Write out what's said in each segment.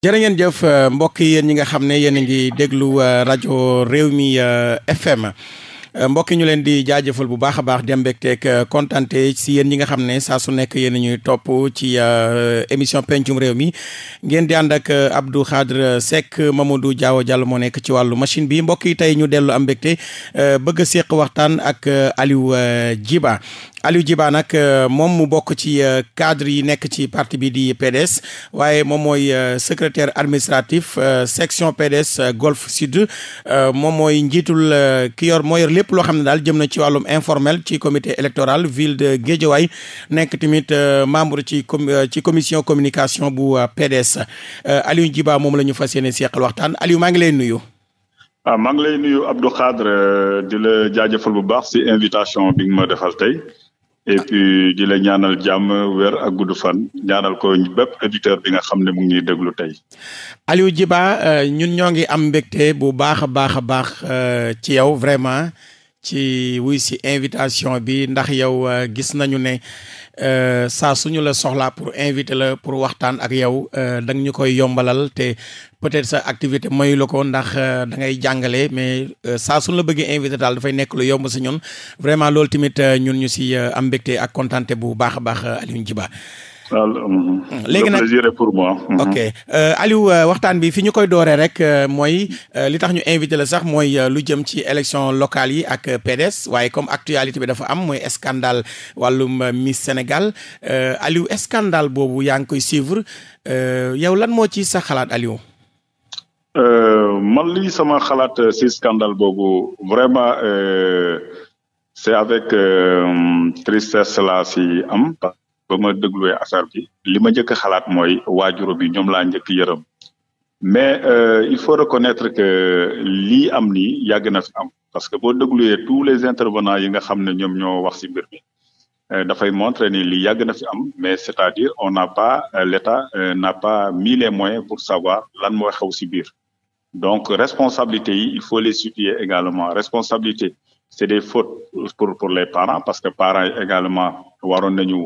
jërë ngeen jëf euh, mbokk yéen ñi nga xam ne yéen a ngi déglu euh, rajo réew mi euh, FM Euh, mbokki ñu leen di jaajëfal bu baax a baax dem mbégteeg euh, kontante si yéen ñi nga xam ne saa su nekk yéen ñuy topp ci euh, émission pencum réew mi ngeen di ànd ak Abdou Khadre Seck du Diaw Diallo moo nekk ci wàllu machine bi mbokk yi tey ñu dellu am mbégte bëgg a waxtaan ak Aliou jiba Aliou Djiba nag moom mu bokk ci cadre yi nekk ci parti bi di PDS waaye moom mooy secretaire administratif section PDS Golf Sud moom mooy njiitul ki yor moo lépp loo xam ne daal jëm na ci wàllum informel ci comité électoral ville de Guédiawaye nekk tamit euh, membre ci euh, ci commission communication bu euh, PDS Aliou Djiba moom la ñu fas yéene seqal waxtaan Aliou maa ngi lay nuyu. Ah, maa ngi lay nuyu Abdou Khadre di la jaajëfal bu baax si invitation bi nga ma defal tey. et di la ñaanal jàmm wér ak gudd fan ñaanal ko bépp auditeur bi nga xam ne mu ngi ñuy déglu tey. Aliou Djiba euh, ñun ñoo ngi am mbégte bu baax a baax a baax euh, ci yow vraiment ci wuy si invitation bi ndax yow euh, gis nañu ne saa suñu la soxlaa pour inviter la pour waxtaan ak yow danga ñu koy yombalal te peut-être sa activité mooy la ko ndax euh, da ngay jàngale mais euh, saa suñu la bëggee invité daal dafay nekk lu yomb si ñun vraiment loolu tamit euh, ñun ñu si am mbégte ak kontaante bu baax a baax Aliou Djiba léegi nag plaisir pour moi. Mhm. ok Aliou waxtaan bi fi ñu koy dooree rek mooy li tax ñu invité la sax mooy lu jëm ci élection locale yi ak PDS waaye comme actualité bi dafa am mooy scandale wàllum Miss Sénégal Aliou scandale boobu yaa ngi koy suivre yow lan moo ci sa xalaat Aliou. Euh, man lii sama xalaat euh, si scandale boobu vraiment euh, c'est avec tristesse laa si am ba ma dégluwee affaire bi li ma njëkk xalaat mooy waajuro bi ñoom laa njëkk yërëm mais il faut reconnaître que li am nii yàgg na fi am parce que boo dégluwee tous les intervenants yi nga xam ne ñoom ñoo wax si mbir dafay montrer ni lii yàgg na fi am mais c'est-à-dire on n'a pas l'État n'a pas mis les moyens pour savoir lan moo xew si biir donc responsabilité yi il faut les situer également responsabilité c'est des faut pour pour les parents parce que parents yi également waroon nañu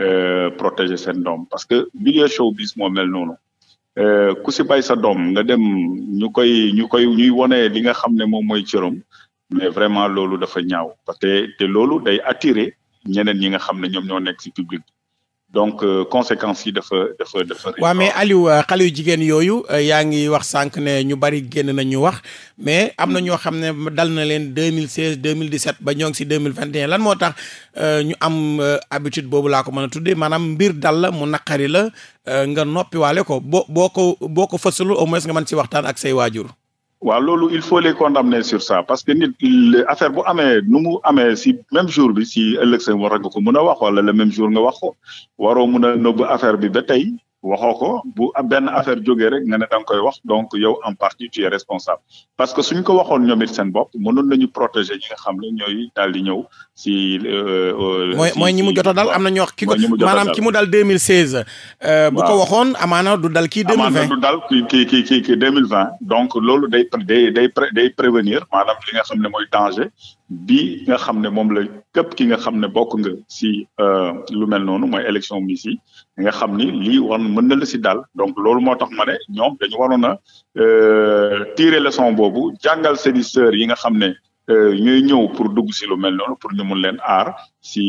euh, protéger seen dom parce que milieu showbiz moo mel noonu euh, ku si bay sa doom nga dem ñu koy ñu koy ñuy wone li nga xam ne moom mooy cëram mais vraiment loolu dafa ñaaw parce que te loolu day attirer ñeneen ñi nga xam ne ñoom ñoo nekk si public donc euh, conséquences yi dafa dafa dafa. waaw mais Aliou euh, xale yu jigéen yooyu euh, yaa ngi wax sànq ne ñu bari génn na ñu wax mais am na ñoo xam ne dal na leen deux mille 2016 2017 ba ñoo ngi si 2021 lan moo tax ñu am habitude boobu laa ko mën a tuddee maanaam mbir dal mu naqari la nga noppiwaale ko boo boo ko boo ko fësalul au moins nga mën si waxtaan ak sey waajur. waaw loolu il faut les condamner sur ça parce que nit affaire bu amee nu mu amee si même jour bi si ëllëg sa war nga ko mën a wax wala le même jour nga wax ko waroo mën a nëbb affaire bi ba tey waxoo ko bu benn affaire jógee rek nga ne da nga wax donc yow en parti tu es responsable parce que suñ ko waxoon ñoom it seen bopp mënoon nañu protéger ñi nga xam ne ñooy daal di ñëw si. Euh, euh, mooy mooy ñi mu jot a dal am na ñu wax. ki ko maanaam ki mu dal 2016. Euh, bu ko waxoon amaana du dal kii 2020 amaana du dal kii kii kii kii 2020 donc loolu day day day prévenir maanaam li nga xam ne mooy danger. bi nga xam ne moom la képp ki nga xam ne bokk nga si euh, lu mel noonu mooy élection mi si nga xam ni lii war mën na la si daal donc loolu moo tax ma ne ñoom dañu waroon a euh, tirer leçon boobu jàngal seeni sœur yi nga xam ne euh, ñooy ñëw pour dugg si lu mel noonu pour ñu mun leen aar si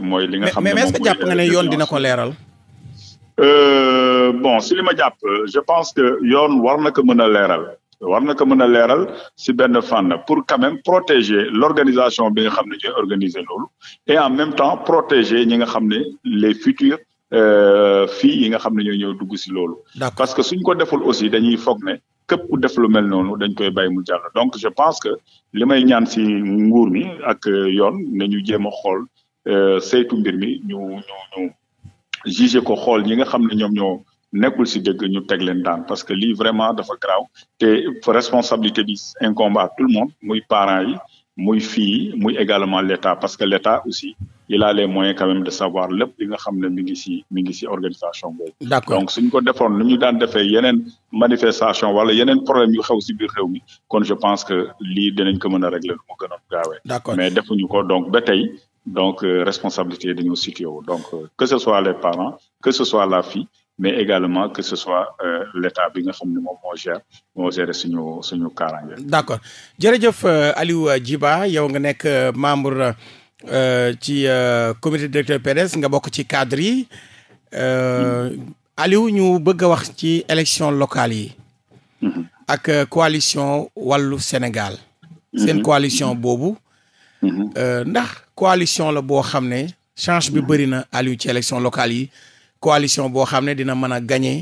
mooy li nga xam ne mais est jàpp nga ne yoon dina ko leeral bon si li ma jàpp je pense que yoon war na ko mën a leeral war na mën a leeral si benn fànn pour quand même protéger l'organisation bi nga xam ne ñooy organiser loolu et en même temps protéger ñi nga xam ne les futurs euh, filles yi nga xam ne ñooy ñëw dugg si loolu parce que suñ ko deful aussi dañuy foog ne képp ku def mel noonu dañ koy bàyyi mu jàll donc je pense que li may ñaan si nguur mi ak yoon nañu jéem a xool euh, saytu mbir mi ñu ñu ñu juger ko xool ñi nga xam ne ñoom ñoo nekkul si dëgg ñu teg leen daan parce que lii vraiment dafa graaw te responsabilité bi incombe à tout le monde muy parents yi muy fii muy également l' état parce que l' état aussi il a les moyens quand même de savoir lépp li nga xam ne mi ngi si mi ngi si organisation boobu. d' accord donc suñ ko defoon nu ñu daan defee yeneen manifestation wala yeneen problème yu xew si biir xew mi kon je pense que lii dinañ ko mën a régler lu mu gënoon gaawee. d' accord mais defuñu ko donc ba tey donc euh, responsabilité dañoo situé wu donc euh, que ce les parents que ce soit mais également que ce soit euh, l'État bi nga xam ne moom moo gère moo suñu suñu kaaraange. d'accord jërëjëf euh, Aliou euh, Djiba yow nga nekk membre ci comité directeur PDS nga bokk ci cadre yi Aliou ñu bëgg a wax ci élection locale yi. Mm-hmm. ak coalition wàllu Sénégal. Mm-hmm. seen coalition boobu. Mm-hmm. ndax coalition la boo xam ne change bi bëri na Aliou ci élection locale yi. coalition boo xam ne dina mën a gagner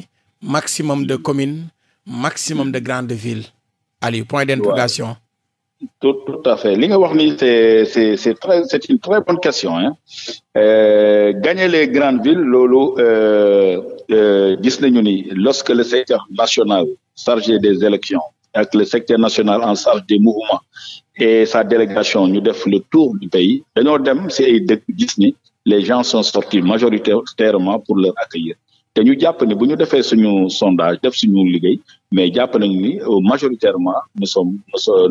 maximum de communes maximum de grandes villes Aliou point d'interrogation tout tout à fait li nga wax ni c'est c'est c'est très c'est une très bonne question hein euh, gagner les loolu euh, euh, gis nañu ni lorsque le secteur national chargé des élections ak le secteur national en charge des mouvements et sa délégation ñu def le tour du pays dañoo dem ci ay dëkk gis les gens sont sortis majoritairement pour leur accueillir te ñu jàpp ne bu ñu defee suñu sondage def suñu liggéey mais jàpp nañu ni euh, majoritairement nous sommes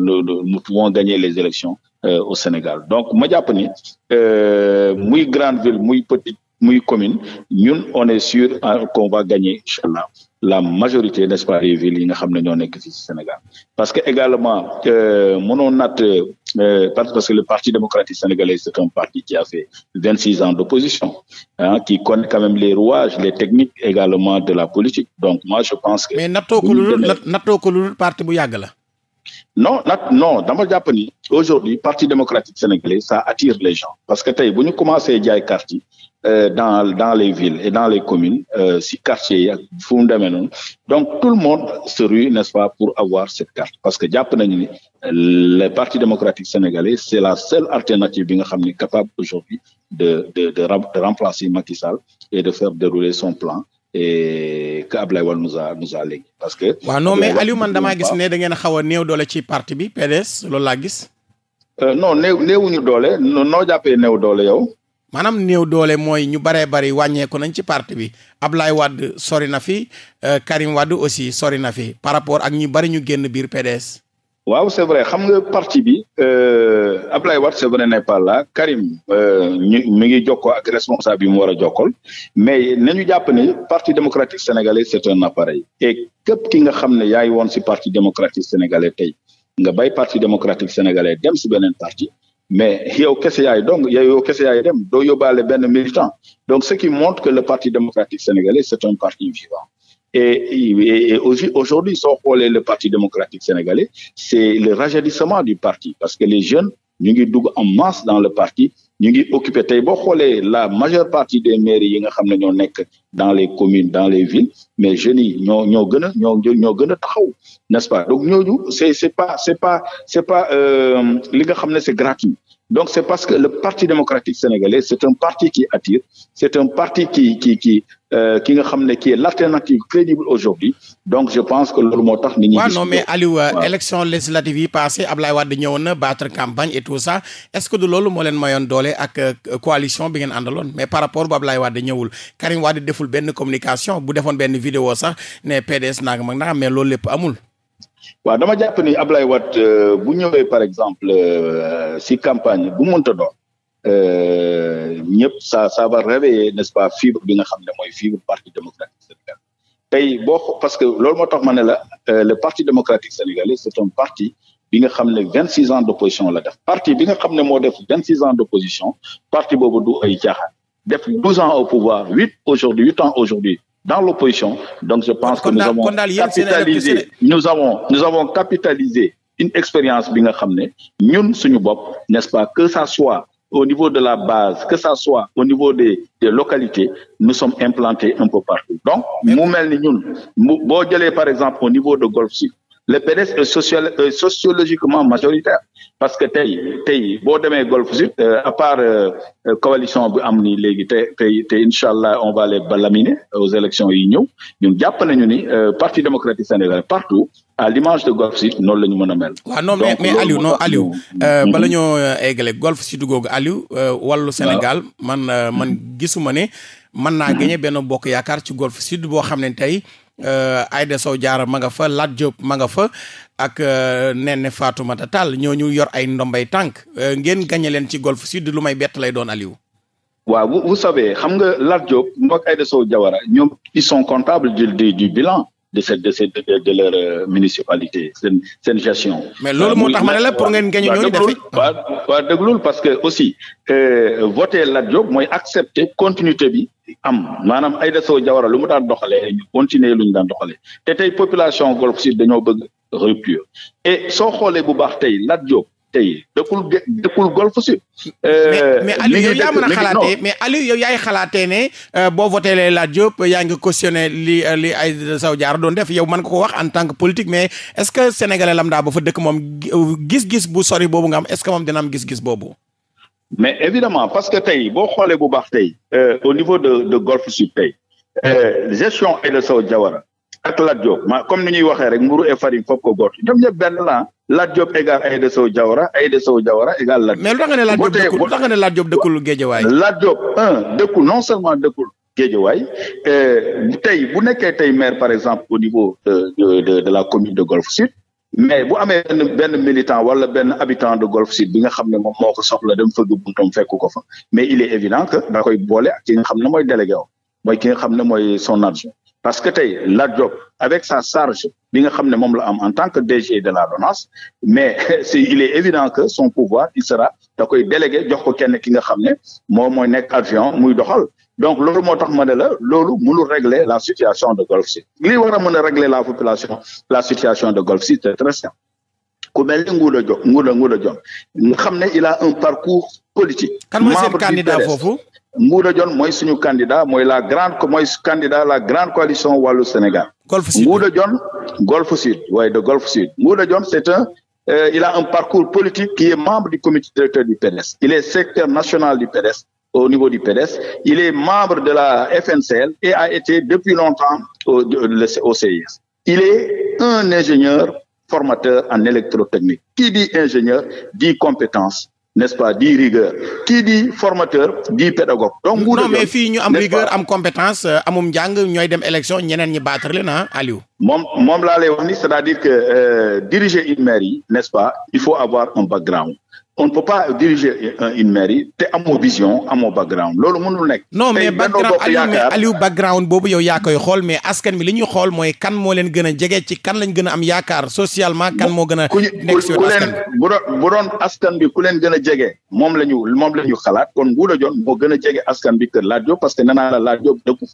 nous pouvons gagner les élections euh, au Sénégal donc ma jàpp ni euh, muy grande ville muy petite muy commune ñun on est sûr qu'on va gagner inchallah la majorité n'est-ce pas des villes nga xam ne ñoo nekk fii ci Sénégal parce que également euh, mënoon naat euh, parce que le parti démocratique sénégalais c'est un parti qui a fait vingt six ans d'opposition ah qui connaît quand même les rouages les techniques également de la politique donc moi je pense que. mais nattoo ko lu nattoo parti bu yàgg la. non nat non dama jàpp ni aujourd'hui parti démocratique sénégalais ça attire les gens parce que tey bu ñu commencé jaay carte yi Euh, dans dans les villes et dans les communes euh, si quartier yi fu mu demee noonu donc tout le monde se rue n'est-ce pas pour avoir cette carte parce que jàpp nañu ni euh, le parti démocratique sénégalais c'est la seule alternative bi nga xam ni capable aujourd'hui de de de de remplacer Macky et de faire dérouler son plan et que Ablaye Wade nous a nous a parce que. waa no mais Aliou man damaa gis ne da ngeen xaw a néew doole ci parti bi PDS loolu laa gis. non néew néewuñu doole noo jàppee néew doole yow. maanaam néew doole mooy ñu baree bari wàññeeku nañ ci parti bi Ablaye wadd sori na fi euh, Karim Wade aussi sori na fi par rapport ak ñu bari ñu génn biir PDS. waaw c'est vrai xam nga parti bi euh, Ablaye Wade c'est vrai n'est pas là Karim euh, ñu mi ngi jokkoo ak responsable bi mu war a jokkal mais ñu jàpp ni parti démocratique sénégalais c'est un appareil et képp ki nga xam ne yaay woon si parti démocratique sénégalais tey nga bay parti démocratique sénégalais dem si beneen parti. mais yow kese yaay donc yow kese yaay dem doo yóbbaale benn militant donc ce qui montre que le parti démocratique sénégalais c'est un parti vivant et et aussi aujourd'hui soo xoolee le parti démocratique sénégalais c'est le rajeunissement du parti parce que les jeunes ñu ngi dugg en masse dans le parti ñu ngi occupé tey boo xoolee la majeure partie des mairies yi nga xam ne ñoo nekk dans les commune dans les villes mais jeunes yi ñoo ñoo gën a ñoo ñoo gën a taxaw n'est-ce pas donc ñooñu c'est c'est pas c'est pas c'est pas euh, li nga xam ne c'est gratuit Donc c'est parce que le Parti démocratique sénégalais, c'est un parti qui attire, c'est un parti qui qui qui euh, nga xam ne qui est l'alternative crédible aujourd'hui. Donc je pense que loolu moo tax nit ñi. mi non mais Aliou euh, élection législative yi passé Ablaye Wade ñëwoon na battre campagne et tout est-ce que du loolu moo leen mayoon doole ak euh, coalition bi ngeen àndaloon mais par rapport bu Ablaye Wade ñëwul Karim Wade deful benn communication bu defoon benn vidéo sax ne PDS nag mag mais loolu lépp amul. waaw dama jàpp ni Ablaye Wade euh, bu ñëwee par exemple euh, si campagne bu mënta doon euh, ñëpp ça ça va réveiller n'est-ce pas fibre bi nga xam ne mooy fibre parti démocratique sénégalais tey boo que loolu moo tax ma ne la le parti démocratique sénégalais bi nga xam ne vingt six ans d'opposition la def parti bi nga xam ne moo def vingt six ans d'opposition parti boobu du ay jaaxaan def douze ans au pouvoir huit aujourd'hui huit ans aujourd'hui dans l'opposition donc je pense que nous avons capitalisé nous avons nous avons capitalisé une expérience bi nga xam ne ñun suñu bopp n'est-ce pas que ça soit au niveau de la base que ça soit au niveau des des localités nous sommes implantés un peu partout donc mu mel ni ñun mu boo jëlee par exemple au niveau de Golf Sud le PDS est sociologiquement majoritaire parce que tey tey boo demee Golf Sud euh, à part euh, euh, coalition bu am ni léegi te tey incha allah on va les balaminer aux élections yi ñëw ñun jàpp nañu ni parti démocratique sénégalais partout à l'image de Golf Sud noonu la ñu mën a mel. waaw non mais mais Aliou non Aliou. Mm-hmm. bala ñoo eggale Golf Sud googu Aliou. wallu Sénégal man man mm-hmm. gisuma ne. mën naa mm-hmm. gagné benn bokk yaakaar ci Golf sid boo xam ne tey. Euh, Aïda Sow Diarra ma nga fa Lat Diop ma nga fa ak euh, Néné Fatoumata Tall ñoo ñu yor ay ndombay tànk euh, ngeen gañe leen ci Golf Sud lu may bett lay doon Aliou. waaw vous vous savez xam nga Lat Diop moom ak Aïda Sow Diawara ñoom ils sont comptables du bilan. de cette de cette de, leur euh, municipalité seen seen gestion. mais loolu moo tax ma ne la pour ngeen gañu ñooñu defi waaw waaw déglul parce que aussi euh, voter Lat Diop mooy accepter continuité bi am maanaam Aïda Sow Diawara lu mu daan doxalee ñu continuer lu ñu daan doxalee te tey population Golf si dañoo bëgg rupture et soo xoolee bu baax tey Lat Diop tey dëkkul dëkkul Golf Sud. mais euh, mais Aliou yow yaa mën a xalaatee mais Aliou yow yaay xalaatee ne euh, boo voté lee Lat Diop yaa ngi cautionné li euh, li Aïssata Sow Diawara doon def yow mën nga ko wax en tant que politique mais est ce que sénégalais lambda ba fa dëkk moom gis-gis bu sori boobu nga am est ce que moom dina gis-gis boobu. mais évidemment parce que tey boo xoolee bu baax tey. au niveau de de Golf Sud tey. gestion Aïssata Sow Diawara ak Lat Diop ma comme ni ñuy waxee rek mburu et farine foofu ko góor ñoom ñëpp benn la Lat Diop égal Aïda Sow Diawara Aïda Sow Diawara égal Lat Diop. mais lu tax nga ne Lat Diop dëkkul lu tax nga ne Lat Diop dëkkul Géejawaay. Lat non seulement dëkkul Géejawaay euh, tey bu nekkee tey maire par exemple au niveau de de de la commune de Golf Sud. mais bu amee benn benn militant wala benn habitant de Golf Sud bi nga xam ne moom moo soxla dem fëgg buntam fekku ko fa mais il est évident que da koy boole ak ki nga xam ne mooy délégué mooy ki nga xam ne mooy son adjoint parce que tey Lat Diop avec sa charge bi nga xam ne moom la am en tant que DG de la LONASE mais il est évident que son pouvoir il sera da délégué jox ko kenn ki nga xam ne moom mooy nekk avion muy doxal donc loolu moo tax ma ne la loolu mënul régler la situation de Golf Sud lii war a mën a régler la population la situation de Golf Sud c'est très simple ku mel ni Ngouda Diop Ngouda xam ne il a un parcours politique. kan mooy seen candidat foofu Nguuda Dione mooy suñu candidat mooy la grande mooy candidat la grande coalition wàllu Sénégal. Golf Sud Nguuda Dione Golf Sud waaye de Golf Sud Nguuda Dione c'est un euh, il a un parcours politique qui est membre du comité directeur du PDS il est secrétaire national du PDS au niveau du PDS il est membre de la FNCL et a été depuis longtemps au au CIS il est un ingénieur formateur en électrotechnique qui dit ingénieur dit compétence n'est-ce pas dit rigueur kii di formateur di pédagogue. donc nguur non fii ñu am rigueur am compétence euh, amum njàng ñooy dem élection ñeneen ñi battre leen ah Aliou. moom moom laa lay wax ni c'est-à-dire que euh, diriger une mairie n'est-ce pas il faut avoir un background kon ne peut pas diriger une mairie te amoo vision amoo background loolu mënul nekk. non mais background Aliou mais Aliou background boobu yow yaa koy xool mais askan bi li ñuy xool mooy kan moo leen gën a jege ci kan lañ gën a am yaakaar socialement kan mo gën a. nekk si askan bi bu doon bu doon askan bi ku leen gën a jege moom la ñu moom la ñu xalaat kon Nguuda Dione moo gën a jege askan bi kër Lat Diop parce que nee naa la Lat Diop dëkku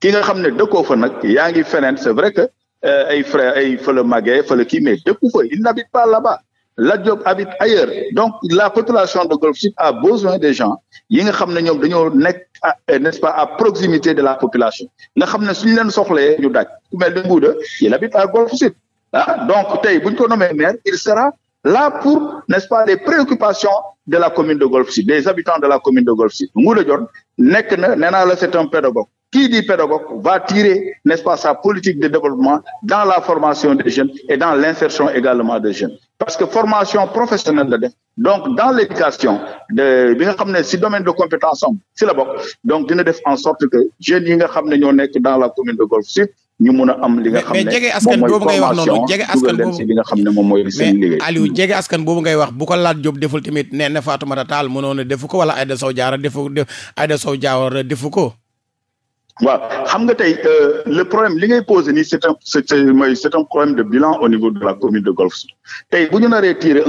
ki nga xam ne dëkkoo fa nag yaa ngi feneen c'est vrai que euh, ay frère ay fële màggee fële kii mais dëkku Lat Diop habite ailleurs donc la population de Golf Sud a besoin des gens yi nga xam ne ñoom dañoo nekk euh, n'est-ce pas à proximité de la population nga xam ne suñu leen soxlee ñu daaj ku mel ni Ngouda il habite à Golf Sud ah donc tey bu ñu ko nommé maire il sera là pour nest pas les préoccupations de la commune de Golf Sud des habitants de la commune de Golf Sud Ngouda Dione nekk na nee naa la c'est un pédagogue kii di pédagogue va tirer, nest pas, sa politique de développement dans la formation des jeunes et dans l'insertion également des jeunes. Parce que formation professionnelle la def donc dans l'éducation de xam ne si domaine de compétence am si la bokk donc dina def en sorte que jeunes yi nga xam ne ñoo nekk dans la commune de Golf Sud ñu mun a am li nga xam ne jege askan boobu ngay jege askan boobu nga xam ne moom mooy seen liggéey Aliou jege askan boobu ngay wax bu ko laaj Diop deful tamit nee na Fatoumata Tall mënoon a defu ko wala Aïda Sow defu ko waaw xam nga tey euh, le problème li ngay posé nii c'est un c'est mooy c'est un problème de bilan au niveau de la commune de Golf tey bu ñu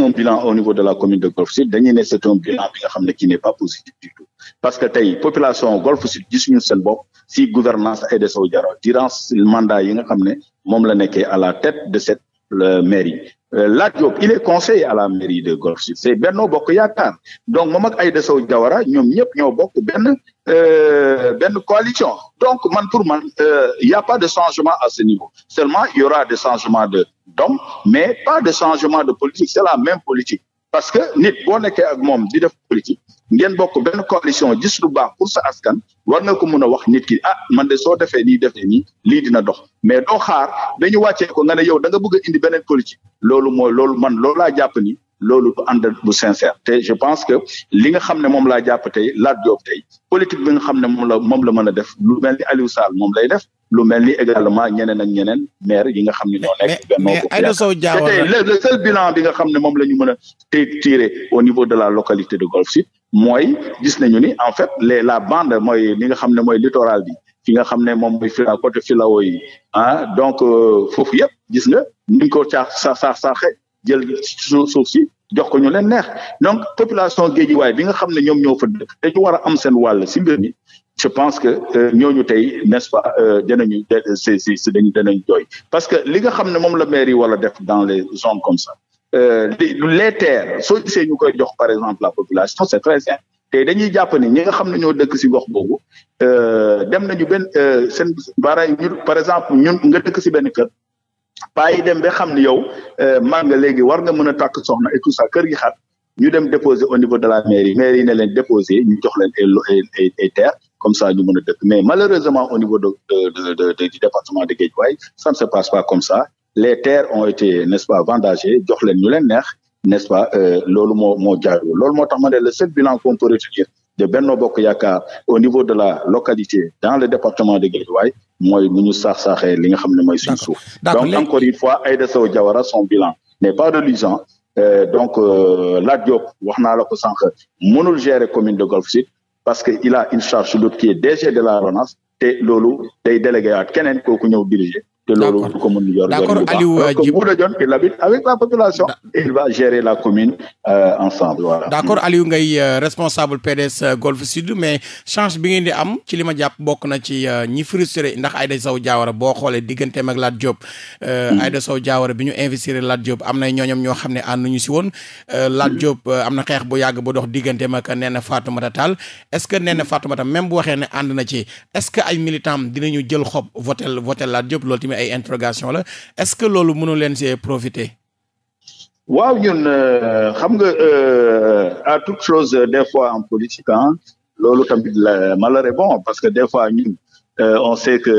un bilan au niveau de la commune de Golf Sud dañuy ne bilan bi nga xam ne pas positif du tout parce que tey population Golf Sud gisuñu seen bopp si gouvernance Aïda Sow Diawara durant mandat yi nga xam ne moom la nekkee à la tête de cette euh, mairie Euh, Lat Diop il est conseiller à la mairie de Golf Sud c'est Benno Bokk Yaakaar donc ay ak Aïda Sow Diawara ñoom ñëpp ñoo bokk benn euh, benn coalition donc man pour man il euh, y pas de changement à ce niveau seulement il y aura de d'hommes mais pas de changement de politique c'est la même politique parce que nit boo nekkee ak moom di def politique ngeen bokk benn coalition gis lu baax pour sa askan war na ko mun a wax nit ki ah man de soo defee nii defee nii lii dina dox mais doo xaar dañu wàccee ko nga ne yow da bëgg a indi beneen politique loolu mooy man loolu laa jàpp ni loolu du ànd bu sincère te je pense que li nga xam ne moom laa jàpp tey Lat Diop tey bi nga xam ne moom la moom la mën a def lu mel ni Aliou Sall moom lay def lu mel ni également ñeneen ak ñeneen maire yi nga xam ne ñoo nekk Benno Bokk Yaakaar te bilan bi nga xam ne moom la ñu mën a tey tiré au niveau de la localité de Golf Sud mooy gis nañu ni en fait les la bande mooy li nga xam ne mooy littoral bi fi nga xam ne moom mooy fila côté filao yi ah donc euh, foofu yëpp gis nga ni ñu ko caax sa sa saaxe jël suuf si jox ko ñu leen neex donc population Guédiawaye bi nga xam ne ñoom ñoo fa dëkk te ñu war am seen wàll si mbir mi je pense que euh, ñooñu tey n'est-ce pas euh, dinañu si si si dañu danañ jooy parce que li nga xam ne moom la maire yi war def dans les zones comme ça Euh, les terres so gisee ñu koy jox par exemple la population c'est très simple te dañuy jàpp ni ñi nga xam ne ñoo dëkk si gox boobu euh, dem nañu benn euh, seen bara ñu par exemple ñun nga dëkk si benn kër paa yi dem ba xam ne yow mag nga léegi war nga mën a tàkk soxna et tout ça kër gi xat ñu dem déposer au niveau de la mairie mairie ne leen déposer ñu jox leen ay terre comme ça ñu mën a dëkk mais malheureusement au niveau de de de du département de Guédiawaye ça ne se passe pas comme ça les terres ont été n'est-ce pas vendagées jox leen ñu leen neex n'est-ce pas euh, loolu moo moo jaadu loolu moo tax ma ne le seul bilan qu'on peut retenir de Benno Bokk Yaakaar au niveau de la localité dans le département de Guédiawaye mooy nu ñu saax saaxee li nga xam ne mooy suñu suuf donc encore une fois Aïda Sow Diawara son bilan n'est pas reluisant euh, donc euh, Lat Diop wax naa la ko sànq mënul gérer commune de Golf Sud parce que il a une charge sur l'autre de la RONAS te loolu day délégué waat keneen kooku ñëw diriger te loolu ko mën yor d'accord Aliou Djibo Boulogne il la la commune ensemble voilà ngay euh, responsable PDS euh, Golf Sud mais change bi ngeen di am ci li ma jàpp bokk na ci euh, ñi frustré ndax Aïda Sow jaawara boo xoolee diggante mag Lat Diop hmm. Aïda Sow Diawara bi ñu investir Lat Diop am na ñooñam ñoo xam ne ñu si woon Lat hmm. Diop am na xeex bu yàgg bu dox digganteem ak Néné Fatoumata Tall est-ce que Néné Fatoumata même bu waxee ne ànd na ci est-ce que ay militants dinañu jël xob votel votel Lat Diop ne ay interrogation la est-ce que loolu mënu leen see profiter waaw ñun euh, xam nga euh, à toute chose euh, des fois en politique ah loolu tamit malheur est bon parce que des fois ñun Euh, on sait que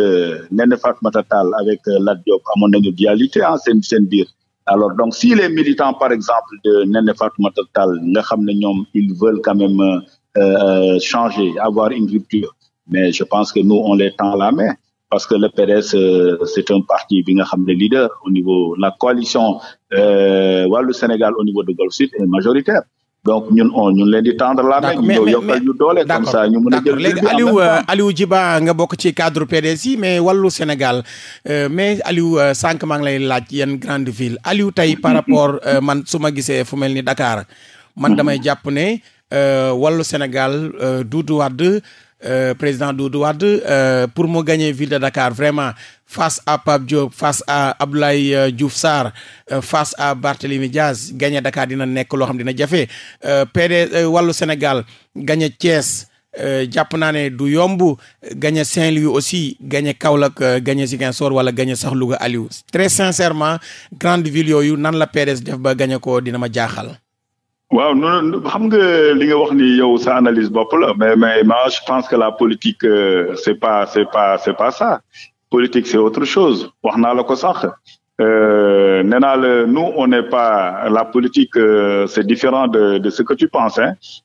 Néné Fatoumata Tall avec euh, Lat Diop amoon nañu dualité en seen seen biir alors donc si les militants par exemple de Néné Fatoumata nga xam ne ñoom ils veulent quand même euh, changer avoir une rupture mais je pense que nous on les temps la mais parce que le PDS euh, c'est un parti bi nga xam ne leader au niveau la coalition euh, wàllu Sénégal au niveau de Golf Sud est majoritaire donc ñun on ñun leen di tendre la main. ñu ñëw yokkal ñu doole comme ça ñu euh, nga bokk ci cadre PDS yi mais wallu Sénégal mais Aliou sànq maa ngi lay laaj yenn grande ville Aliou tey par rapport man su ma gisee fu mel ni Dakar. man damay jàpp ne wàllu Sénégal Doudou Wade. euh, président Doudou Wade euh, pour mu gagner ville de Dakar vraiment face à Pape Diop face à Abdoulaye euh, Diouf Sarr euh, face à Barthélémy Diaz gagner Dakar dina nekk loo xam dina jafe PD wàllu Sénégal gagner Thiès. jàpp naa ne du yomb gagné Saint-Louis aussi gagné Kaolack gagné Ziguinchor wala gagné sax Louga Aliou très sincèrement grande ville yooyu nan la PDS def ba gagné ko dina ma jaaxal. waaw noonu xam nga li nga wax ni yow sa analyse bopp la mais mais moi je pense que la politique euh, c'est pas c'est pas c'est pas ça politique c'est autre chose wax naa la ko sax Euh, Nenal, nu on n'est pas la politique, euh, c'est différent de, de, ce que tu penses,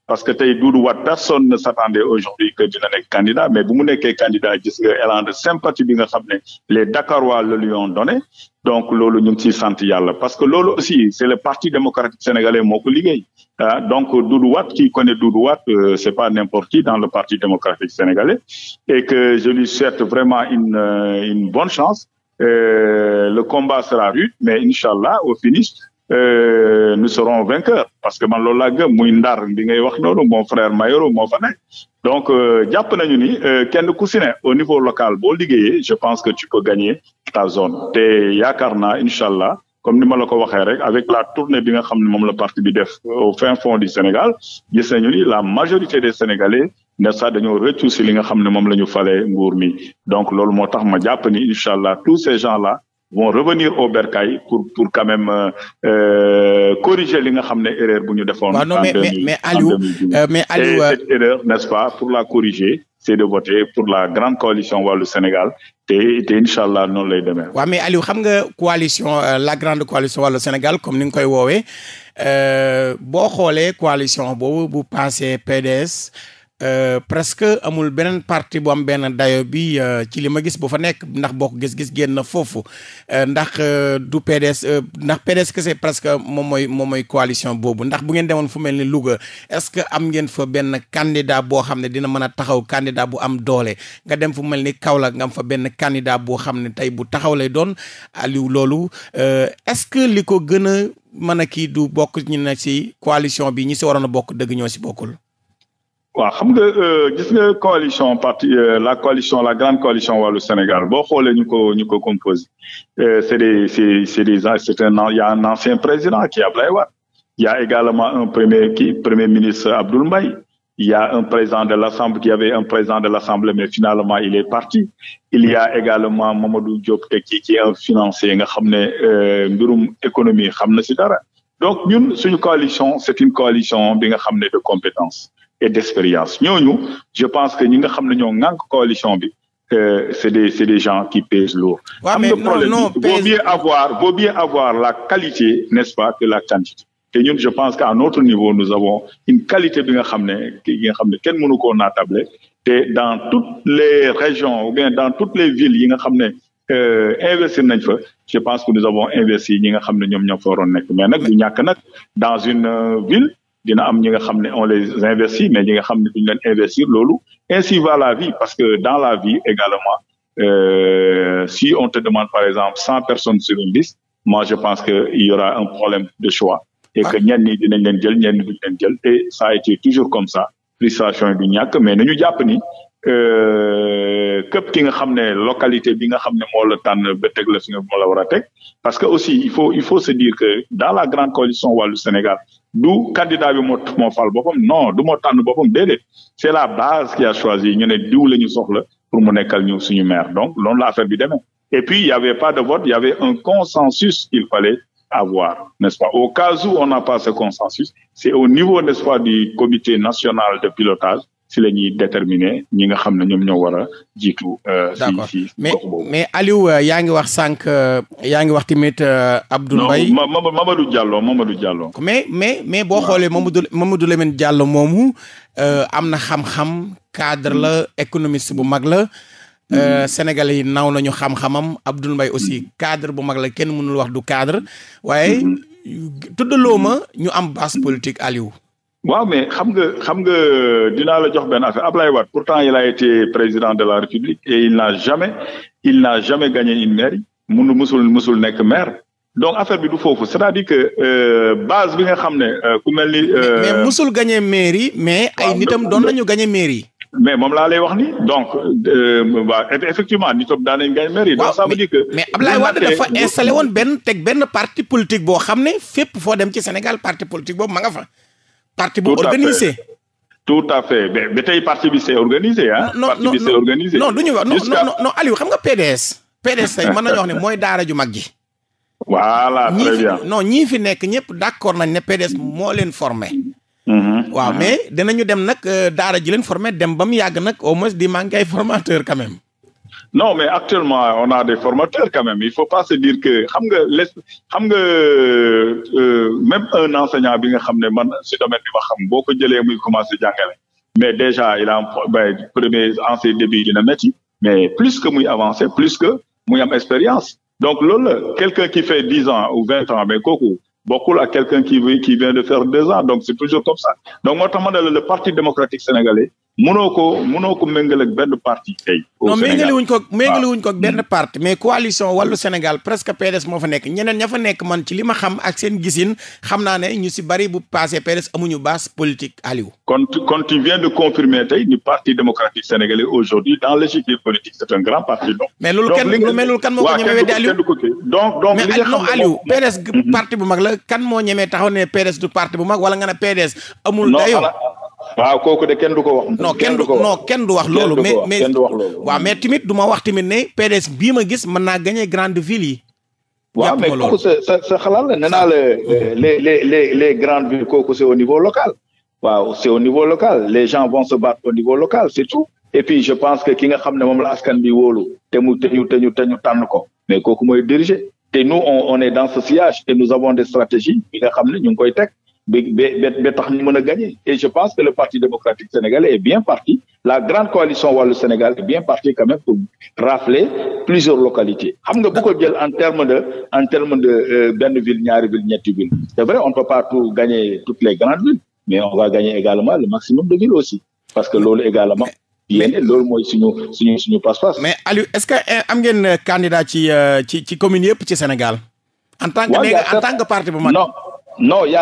parce que tey Doudou Wade personne ne s'attendait aujourd'hui que dina nekk candidat mais bu mu nekkee candidat gis nga élan de sympathie bi nga xam ne les Dakarois le lui ont donné donc loolu ñu ngi ciy sant yàlla parce que loolu aussi c'est le parti démocratique sénégalais moo ko liggéey ah donc Doudou Wade qui connaît Doudou Wade euh, c'est pas n'importe qui dans le parti démocratique sénégalais et que je lui souhaite vraiment une euh, une bonne Euh, le combat sera rude mais incha allah au finish euh, nous serons vainqueurs parce que man loolu laa gëm muy ndar li ngay wax noonu mon frère Mayoro moo fa nekk donc euh, jàpp nañu ni kenn ku si au niveau local boo liggéeyee je pense que tu peux gagner ta zone te yaakaar naa incha allah comme ni ma la ko waxee rek avec la tournée bi nga xam ne moom la parti bi def au fin fond du Sénégal gis nañu ni la majorité des Sénégalais. ndax sax dañoo rëccu li nga xam ne moom la ñu falee nguur mi donc loolu moo tax ma jàpp ni allah tous ces gens là vont revenir au bercail pour pour quand même euh, euh corriger li nga xam ne erreur bu ñu defoon. en deux mais mais Aliou euh, mais Aliou. Euh, cette erreur nest pas pour la corriger. c'est de voter pour la grande coalition wàllu Sénégal te te incha allah noonu lay demee. waa mais Aliou xam nga coalition la grande coalition wàllu Sénégal comme ni nga koy woowee boo xoolee coalition boobu bu passé PDS. Euh, presque amul beneen parti bu am benn dayo bi euh, ci li ma gis bu fa nekk ndax bokk gis-gis génn na foofu euh, ndax du PDS ndax PDS kese presque moom mooy moom mooy coalition boobu ndax bu ngeen demoon fu mel ni Louga est-ce que am ngeen fa benn candidat boo xam ne mën a taxaw candidat bu am doole nga dem fu mel ni Kaolack nga fa benn candidat boo xam ne tey bu taxaw lay doon Aliou loolu est-ce que li ko gën a mën a kii du bokk ñu ne si coalition bi ñi si waroon a bokk dëgg ñoo si bokkul. waaw xam nga euh, gis nga coalition parti euh, la coalition la grande coalition wàllu Sénégal boo xoolee ñu ko ñu ko composé euh, c'est des c'est des c'est un il y a un ancien président qui Abdoulaye Wade il y a également un premier qui premier ministre Abdoul Mbaye il y a un président de l'Assemblée qui avait un président de l'Assemblée mais finalement il est parti il y a également Mamadou Diop Tekki qui est un financier nga xam ne mbirum économie xam na ci dara donc ñun suñu coalition c'est une coalition bi nga xam ne de compétence et d'expérience ñooñu je pense que ñi nga xam ne ñoo ŋànk coalition bi c'est des c'est des gens qui pèsent lourd am na problème vaut mieux avoir vaut mieux avoir la qualité n'est-ce pas que la quantité te ñun je pense qu'à notre niveau nous avons une qualité bi nga xam ne ki nga xam ne kenn mënu koo naatable te dans toutes les régions ou bien dans toutes les villes yi nga xam ne euh, investir nañ fa je pense que nous avons investi ñi nga xam ne ñoom ñoo fa waroon nekk mais nag ñàkk nag dans une euh, ville dina am ñi nga xam ne on les investit mais ñi nga xam duñu leen investir loolu ainsi va la vie parce que dans la vie également euh, si on te demande par exemple cent personnes sur une liste moi je pense que il y aura un problème de choix et que ah. ñenn ñi dinañ leen jël ñenn ñi duñ leen jël te ça a été toujours comme ça frustration yi du ñàkk mais nañu jàpp ni Euh, képp ki nga xam ne localité bi nga xam ne moo la tànn ba teg la fi nga moo parce que aussi il faut il faut se dire que dans la grande coalition wàllu Sénégal du candidat bi moo moo fal boppam non du moo tànn boppam déedéet c' est la base qui a choisi ñu ne diw la ñu soxla pour mu nekkal ñu suñu maire donc loolu la affaire bi demee et puis il y avait pas de vote il y avait un consensus qu'il fallait avoir n'est-ce pas au cas où on n'a pas ce consensus c'est au niveau n'est-ce pas national de pilotage si la ñuy déterminer ñi nga xam ne ñoom ñoo war jiitu. Euh, d'accord si si mais Aliou euh, yaa ngi wax sànq euh, yaa ngi wax tamit Abdoul Mbaye. non Mamadou Diallo Mamadou Diallo. mais mais mais boo xoolee Mamadou Mamadou Lamine Diallo moomu am na xam-xam cadre la économiste bu mag la. Euh, mm-hmm. Sénégalais yi naw nañu xam-xamam Abdoul Mbaye aussi mm-hmm. cadre bu mag la kenn mënul wax du cadre waaye mm-hmm. tuddaloo ma ñu am base politique Aliou waaw mais xam nga xam nga dinaa la jox benn affaire Ablaye waat pourtant il a été président de la République et il n'a jamais il n'a jamais gagné une mairie mënu musul musul nekk maire donc affaire bi du foofu c'est-à-dire que euh, base bi nga xam ne euh, ku mel ni. Euh, mais musul gagné mairie mais ay nitam doon nañu gagné mairie. mais mom laa lay wax ni donc euh, waa effectivement nitam daan nañu gagné mairie. donc ça veut dire que. mais Ablaye Wade woon benn teg benn parti politique boo xam ne fépp foo dem ci Sénégal parti politique boobu ma fa. parti bu organisé. tout à fait mais ba tey parti bi c'est organisé ah. parti bi c'est organisé. non du ñu wax non non non xam nga PDS. PDS tey mën nañu wax ne mooy daara ju mag ji. voilà très ñii fi nekk ñëpp d'accord nañ ne PDS moo leen formé. Mm-hmm. waaw mm-hmm. mais dinañu dem nag euh, daara ji leen forme dem ba mu yàgg nag au moins di manqué ay formateur quand même. non mais actuellement on a des formateurs quand même il faut pas se dire que xam nga les xam nga euh, euh, même un enseignant bi nga xam ne man si domaine bi ma xam boo ko jëlee muy commencé jàngale mais déjà il a ben premier en ses débuts dina métti mais plus que muy avancé plus que muy am expérience donc loolu la quelqu'un qui fait dix ans ou vingt ans mais kooku bokkul ak quelqu'un qui qui vient de faire deux ans donc c'est toujours comme ça donc moo tax ma ne la le parti démocratique sénégalais mënoo ko mënoo ko méngale ak benn parti tey. non méngale wuñ ko ah. méngale wuñ ko ak benn parti mais coalition wàllu Sénégal presque PDS moo fa nekk ñeneen ña fa nekk man ci li ma xam ak seen gisin xam naa ne ñu si bari bu passé PDS amuñu base politique Aliou. kon kon tu viens de confirmer tey parti démocratique sénégalais aujourd'hui dans l'échiquier politique c'est un grand parti donc. mais loolu kenn mais loolu kan moo ñemee weddi Aliou donc donc mhm. parti bu mag la kan moo ñemee taxaw ne PDS du parti bu mag wala nga ne PDS amul dayo waaw kooku de kenn du ko wax. non kenn du non kenn du wax loolu. mais mais kenn du wax loolu. waaw mais tamit du ma wax ne. PDS bii ma gis mën naa gagné grande ville yi. waaw mais kooku sa sa sa xalaat la nee naa la euh, les les les les grandes kooku c'est au niveau local. waaw c'est au niveau local les gens vont se battre au niveau local c'est tout. et puis je pense que ki nga xam ne moom la askan bi wóolu te mu te ñu ñu tànn ko mais kooku mooy diriger te nous on on est dans ce sillage et nous avons des stratégies yi nga xam ne ñu ngi koy teg. ba ba ba tax ñu mën a gagner et je pense que le parti démocratique sénégalais est bien parti la grande coalition wàllu Sénégal est bien partie quand même pour rafler plusieurs localités xam nga bu ko jël en terme de en terme de euh, benn ville ñaari ville ñetti ville c'est vrai on ne peut pas tout gagner toutes les grandes villes mais on va gagner également le maximum de villes aussi parce que loolu également yéen loolu mooy suñu suñu suñu passe-passe mais Aliou est-ce que euh, am ngeen candidat ci euh, ci ci commune yëpp ci Sénégal Non, y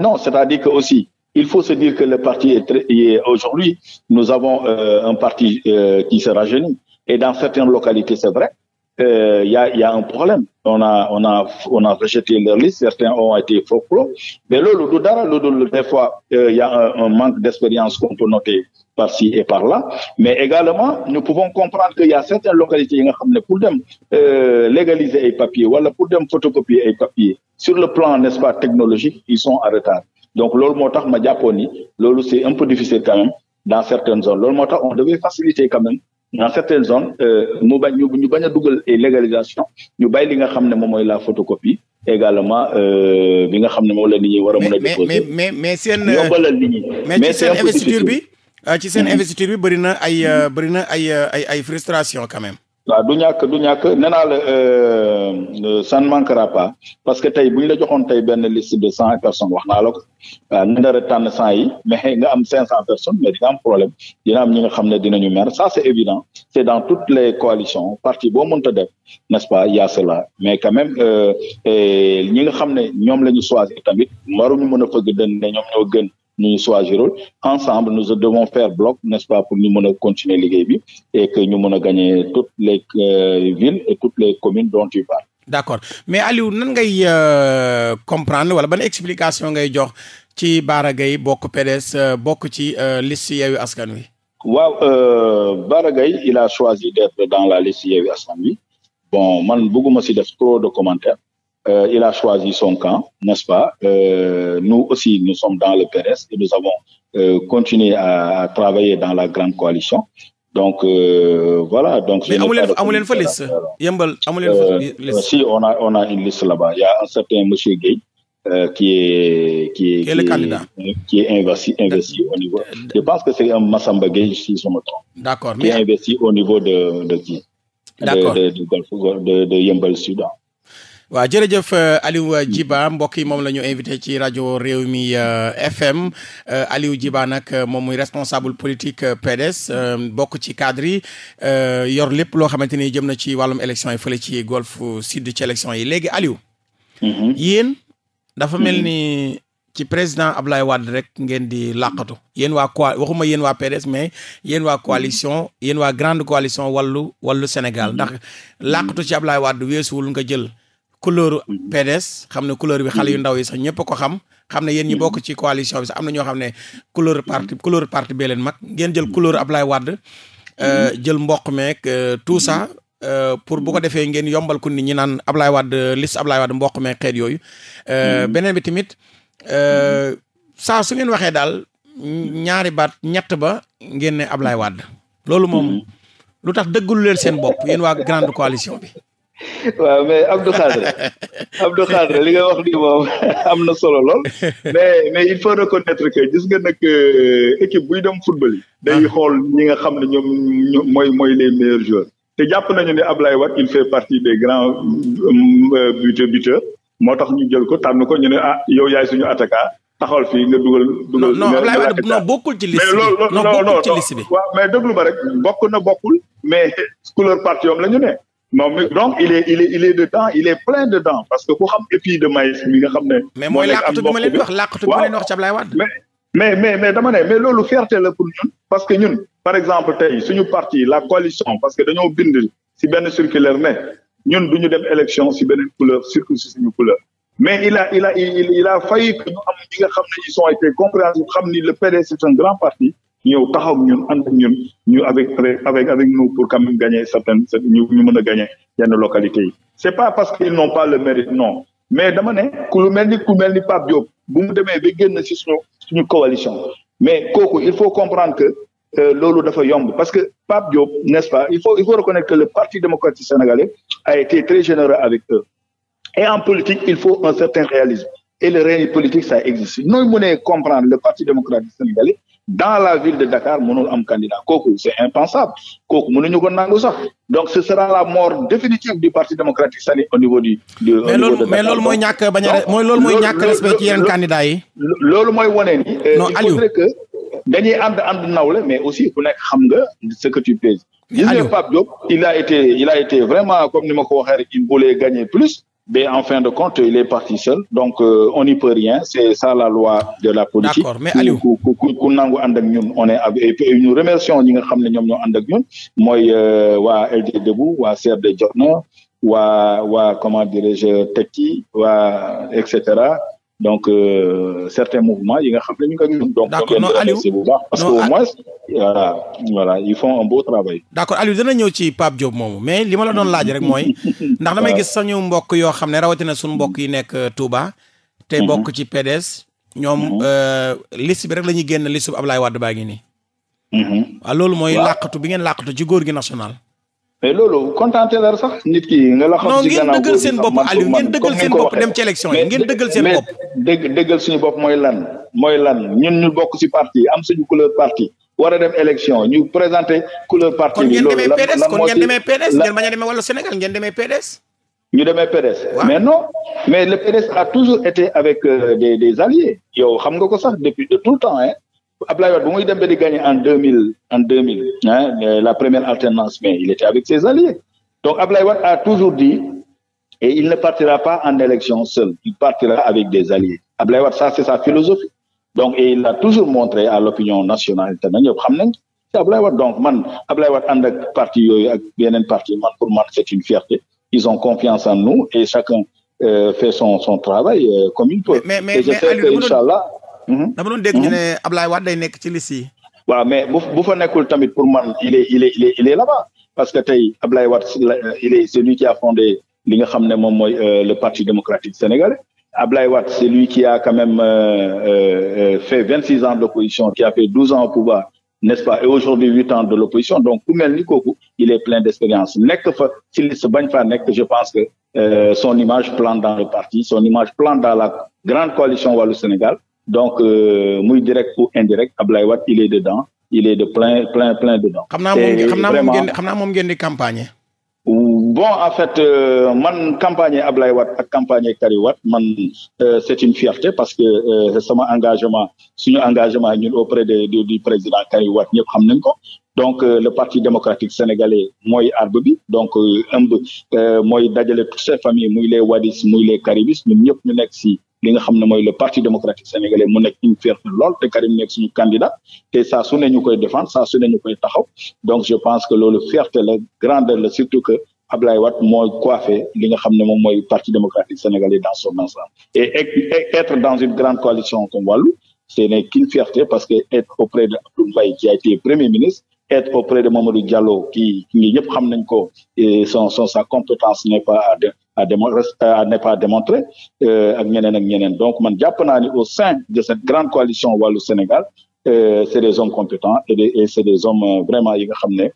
non, c'est-à-dire que aussi, il faut se dire que le parti est, aujourd'hui, nous avons euh, un parti euh, qui se rajeunit. Et dans certaines localités, c'est vrai, il euh, y, a, y a un problème on a on a on a rejeté leur liste certains ont été faux pros mais loolu du dara lu dul des fois il euh, y a un, manque d'expérience qu'on peut noter par-ci et par-là mais également nous pouvons comprendre qu'il y a certaines localités yi nga xam ne pour dem euh, légaliser ay papiers wala pour dem photocopier ay papiers sur le plan n'est-ce pas technologique ils sont en retard donc loolu moo tax ma jàppoon ni loolu c'est un peu difficile dans certaines zones loolu moo tax on devait faciliter quand dans certaines zones euh, mu bañ ñu ñu bañ a dugal légalisation ñu bàyyi li nga xam ne moom mooy la photocopie également euh, bi nga xam ne moom la nit ñi war a mën a déposer mais mais mais seen euh, yombalal nit ñi mais seen investiture bi ci seen mm-hmm. investiture bi bëri na ay bëri na ay ay ay frustration quand waaw du ñàkk du ñàkk nee naa la euh, euh, ça ne manquera pas parce que tey bu ñu la joxoon tey benn list de cent personnes wax naa la ko waaw ñu dara tànn cent yi mais nga am cinq cent personnes mais dina am problème dina am nga xam ne dinañu mer ça c'est évident c'est dans toutes les coalitions parti boo mënta def n'est-ce pas y mais quand même euh, ñi nga xam ne ñoom la ñu choisir tamit waruñu mën a fëgg dën ne ñoom ñoo gën ñu choisirul ensemble nous devons faire bloc n'est-ce pas pour ñu mën a continuer liggéey bi et que ñu mën a gagner toutes les euh, villes et toutes les communes dont tu parles. d'accord mais Aliou nan ngay euh, comprendre wala ban explication ngay jox ci Bara Gaye bokk PDS euh, bokk ci liste Yewwi Askan Wi. waaw Bara Gaye il a choisi d'être dans la liste Yewwi Askan Wi bon man bëgguma si def trop de commentaires. Euh, il a choisi son camp, n'est-ce pas euh, Nous aussi, nous sommes dans le PRS et nous avons euh, à, travailler dans la grande coalition. Donc euh, voilà. Donc Mais Amoulen Félix, Yembal, Si on a on a une liste là-bas, il y a un certain Monsieur Gay. Euh, qui est qui est, investi, au niveau. Je pense que c'est un Massamba Gay, si je me D'accord. Qui est investi au niveau de de qui D'accord. de, de, de Yembal Sudan. waa jërëjëf euh, Aliou euh, Djiba mbokk yi moom la ñu invité ci rajo réew mi euh, FM Aliou Djiba nag moom muy responsable politique PDS bokk ci cadre yi yor lépp loo xamante ni jëm na ci wàllum élection yi fële ci golf sud ci élection yi léegi Aliou. Mhm. yéen dafa mel mhm. ni ci président ablaay Wade rek ngeen di làqatu yéen wa ko waxuma yéen waa PDS mais yéen waa coalition mhm. yéen waa grande coalition wàllu wàllu Sénégal ndax làqatu ci Ablaye Wade weesuwul nga jël. couleur mhm. PDS xam ne couleur bi xale yu mhm. ndaw yi sax ñëpp a ko xam xam ne yéen ñi mhm. bokk ci coalition bi sax am na ñoo xam ne couleur parti couleur parti bee leen mag ngeen jël couleur Ablaye Wade euh, jël mboq meeg euh, tout ça euh, pour bu ko defee ngeen yombal ko nit ñi naan Ablaye Wade liste Ablaye Wade mboq meeg xeet yooyu beneen bi tamit saa su ngeen waxee daal ñaari baat ñett ba ngeen ne Ablaye Wade loolu moom lu tax dëggul leen seen bopp yéen waa grande coalition bi waaw mais Abdou Khadre Abdou Khadre li nga wax lii moom am na solo lool mais mais il faut reconnaître que gis nga nag euh, équipe buy dem football yi. Ah. day xool ñi nga xam ne ñoom mooy mooy les meilleurs joueurs. te jàpp nañu ni Ablaye Wade il fait partie des grands euh, euh, buteurs buteurs moo tax ñu jël ko tànn ko ñu ne ah yow yaay suñu attaquant taxawal fii nga dugal. dugal non Ablaye Wade non bokkul ci liste bi non bokkul ci liste bi. déglu ba rek bokk na bokkul mais couleur parti yom la ñu ne. non mais donc il est il est il est dedans il est parce que ku xam épi de mi nga xam ne. mais mooy làqatu bi ma leen wax làqatu ma mais mais mais dama ne mais loolu fierté la pour ñun. parce que ñun par exemple tey suñu parti la coalition parce que dañoo bind si benn circulaire ne ñun du ñu dem élection si beneen couleur surtout mais il a il a il a failli que ñu xam ne ils ont été compréhensifs xam ni le PDS c'est un grand parti. ñëw taxaw ñun ànd ak ñu avec avec avec pour quand même gagner certaines ñu ñu mën a gagner yenn localités yi c'est pas parce qu'ils n'ont pas le mérite non mais dama ne ku lu mel ni ku mel ni Pape Diop bu mu demee ba génn ci suñu suñu coalition mais kooku il faut comprendre que euh, loolu dafa yomb parce que Pape Diop n'est-ce pas il faut reconnaître que le Parti démocratique sénégalais a été très généreux avec eux et en politique il faut un certain réalisme et le réalisme politique ça existe nooy mënee comprendre le Parti démocratique sénégalais dans la ville de Dakar mënul am candidat kooku c'est impensable kooku mënuñu ko nangu sax donc ce sera la mort définitive du parti démocratique sani au niveau du. du au niveau de Dakar mais loolu mooy ñàkk bañ a mooy loolu mooy ñàkk respect ci yeneen candidats yi. loolu mooy wane ni. Euh, non Aliou il faudrait que dañuy ànd mais aussi ku xam nga ce que tu pèses. gis nga Pape il a été il a vraiment comme ni ma ko waxee rek il voulait gagner plus mais en fin de compte il est parti seul donc euh, on n'y peut rien c'est ça la loi de la politique d'accord nangu ànd ak ñun on est avec ñu remercions ñi nga xam ne ñoom ñoo ànd ak ñun mooy euh, waa LD Debout waa CRD Jotna waa waa comment dirais-je Tekki waa et cetera donc euh, certains mouvements yi nga xam ne ñu ngi ko ñun. donc bu baax. parce que au moins voilà euh, voilà ils font un ñëw ci Pape Diop moomu mais li ma la doon laaj rek mooy. ndax damay gis sañu mbokk yoo xam ne rawatina suñu mbokk yi nekk euh, Touba. te mhm. bokk ci PDS. ñoom mhm. liste bi rek la ñuy génn liste bu laay Wade baa ngi nii. Mhm. waaw loolu mooy làqatu bi ngeen làqatu ci góor gi national. mais loolu contenté la sax nit ki nga la xam. ci gannaaw seen bopp Aliou ngeen dëggal seen bopp dem ci élection yi ngeen dëggal seen bopp. dëgg dëggal bopp mooy lan mooy lan ñun ñu bokk ci parti am suñu couleur parti war a dem élection ñu présenté couleur parti bi. loolu lan lan kon ngeen demee PDS ngeen bañ a demee wàllu Sénégal ngeen demee PDS. mais non mais le PDS a toujours été avec euh, des des alliés yow xam nga ko sax depuis de tout le temps hein. Abdoulaye Wade bu muy dem ba di gagné en deux mille en deux mille hein la première alternance mais il était avec ses alliés donc Abdoulaye a toujours dit et il ne partira pas en élection seul il partira avec des alliés Abdoulaye ça c'est sa philosophie donc et il a toujours montré à l'opinion nationale te na ñëpp xam nañ ci Abdoulaye Wade donc man ànd ak parti yooyu ak yeneen parti pour man c'est une fierté ils ont confiance en nous et chacun euh, fait son son travail euh, comme mais mais mais Aliou incha allah Mhm. dama doon dégg ñu mhm. nekk ci liste yi. mais bu bu fa nekkul tamit pour man il est il parce que tey Ablaye Wade il est celui qui a fondé li nga xam ne moom mooy euh, le parti démocratique sénégalais. Ablaye Wade c'est lui qui a quand même euh, euh, euh fait vingt six ans d'opposition qui a fait douze ans au pouvoir n'est-ce pas et aujourd'hui huit ans de l'opposition donc ku mel ni kooku il est plein d'expérience nekk fa ci bañ fa nekk je pense que euh, son image plane dans le parti son Wallu Sénégal donc euh, muy direct ou indirect Ablaye Wade il est dedans il est de plein plein plein dedans. xam xam naa moom ngeen xam naa moom ngeen di campagne. bon en fait euh, man campagne Ablaye Wade ak campagne Karim Wade man euh, c'est une fierté parce que euh, sama engagement suñu engagement ñun auprès de, de du président Karim Wade ñëpp xam nañ ko. donc euh, le parti démocratique sénégalais mooy arbre bi donc euh, ëmb euh, mooy dajale toutes ces familles muy les wadis muy les caribis ñun ñëpp ñu nekk si li nga xam ne mooy le parti démocratique sénégalais mu nekk une fierté lool te Karim nekk suñu candidat te saa ne ñu koy défendre saa su ne ñu koy taxaw donc je pense que loolu fierté la grandeur la surtout que Ablaye Wade mooy coiffé li nga xam ne moom mooy parti démocratique sénégalais dans son ensemble et être dans une grande coalition comme wàllu ce n'est qu'une parce que être auprès de Abdoul Mbaye a été premier ministre être auprès de Mamadou Diallo qui ñi ñëpp xam nañ ko son son sa compétence n'est pas à à à n'est pas démontrée euh, ak ñeneen ak ñeneen donc man jàpp naa ni au sein de cette grande coalition wàllu Sénégal Euh, c'est des hommes compétents et des et c'est des hommes euh, vraiment yi nga xam ne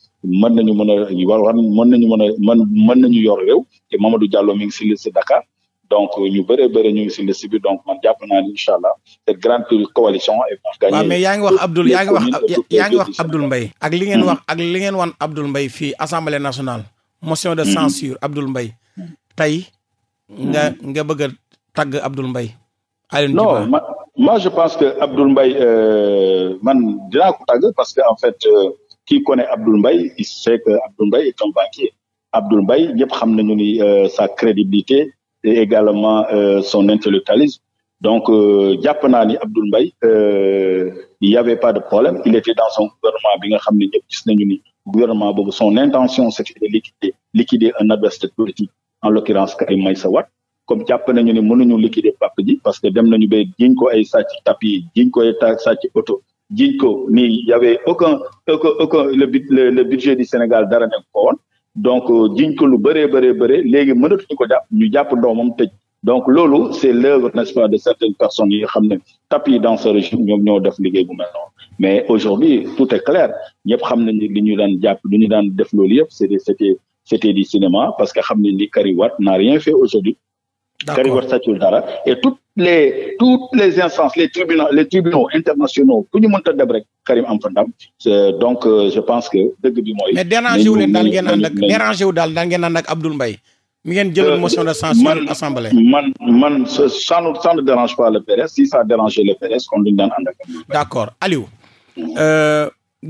mën nañu mën a war war mën nañu mën a man mën nañu yor réew te Mamadou Diallo mi ngi si liste Dakar donc euh, ñu bëree bëri ñu ngi si liste bi donc man jàpp naa ni incha allah cette grande coalition est pour mais yaa ngi wax Abdoul yaa ngi wax yaa ngi wax Abdoul Mbaye ak li ngeen hmm. wax ak li ngeen wan Abdoul Mbaye fii assemblée nationale. motion de hmm. censure Abdoul mbay tey nga hmm. nga bëgg a tagg Abdoul Mbaye. Alioune ma je pense que abdul mbay Mbaye euh, man dinaa ko tagg parce que en fait euh, qui connaît Abdoul mbay il sait que Abdoul Mbaye est un banquier Abdoul Mbaye ñëpp xam nañu ni sa crédibilité. et également euh, son intellectualisme donc euh, jàpp naa ni Abdoul Mbaye euh, il y avait pas de problème il était dans son gouvernement bi nga xam ne ñëpp gis nañu ni gouvernement boobu son intention c'était de liquider liquider un adversaire politique en l'occurrence Karim sa Wade comme jàpp nañu ni mënuñu liquider Pape ji parce que dem nañu bay jiñ ko ay sàcc tapis jiñ ko ay sàcc oto jiñ ko ni y avait aucun aucun aucun le budget du Sénégal dara nekk ko woon donc jiñ euh, ko lu bëree bëree bëree léegi mënatuñu ko jàpp ñu jàpp doomam tëj donc loolu c' est l'œuvre nest pas de certaines personnes yi xam ne tapis dans ce régime ñoom ñoo def liggéey bu mel noonu mais aujourd'hui tout est clair ñëpp xam nañ ni li ñu daan jàpp li ñu daan def loolu yëpp c' était c' était du cinéma parce que xam nañ di Karim Wade n'a rien fait aujourd'hui Karim sàccul dara et toutes les toutes les instances les les tribunaux internationaux ku ñu mënta dem rek Karim euh, donc euh, je pense que dëgg bi mooy. ngeen ànd ak dérangé wu daal daal ngeen ànd ak Abdoul Mbaye mi ngeen jël euh, motion de censure assemblée. man man ça ne ça ne dérange pas le PDS si d' accord Aliou.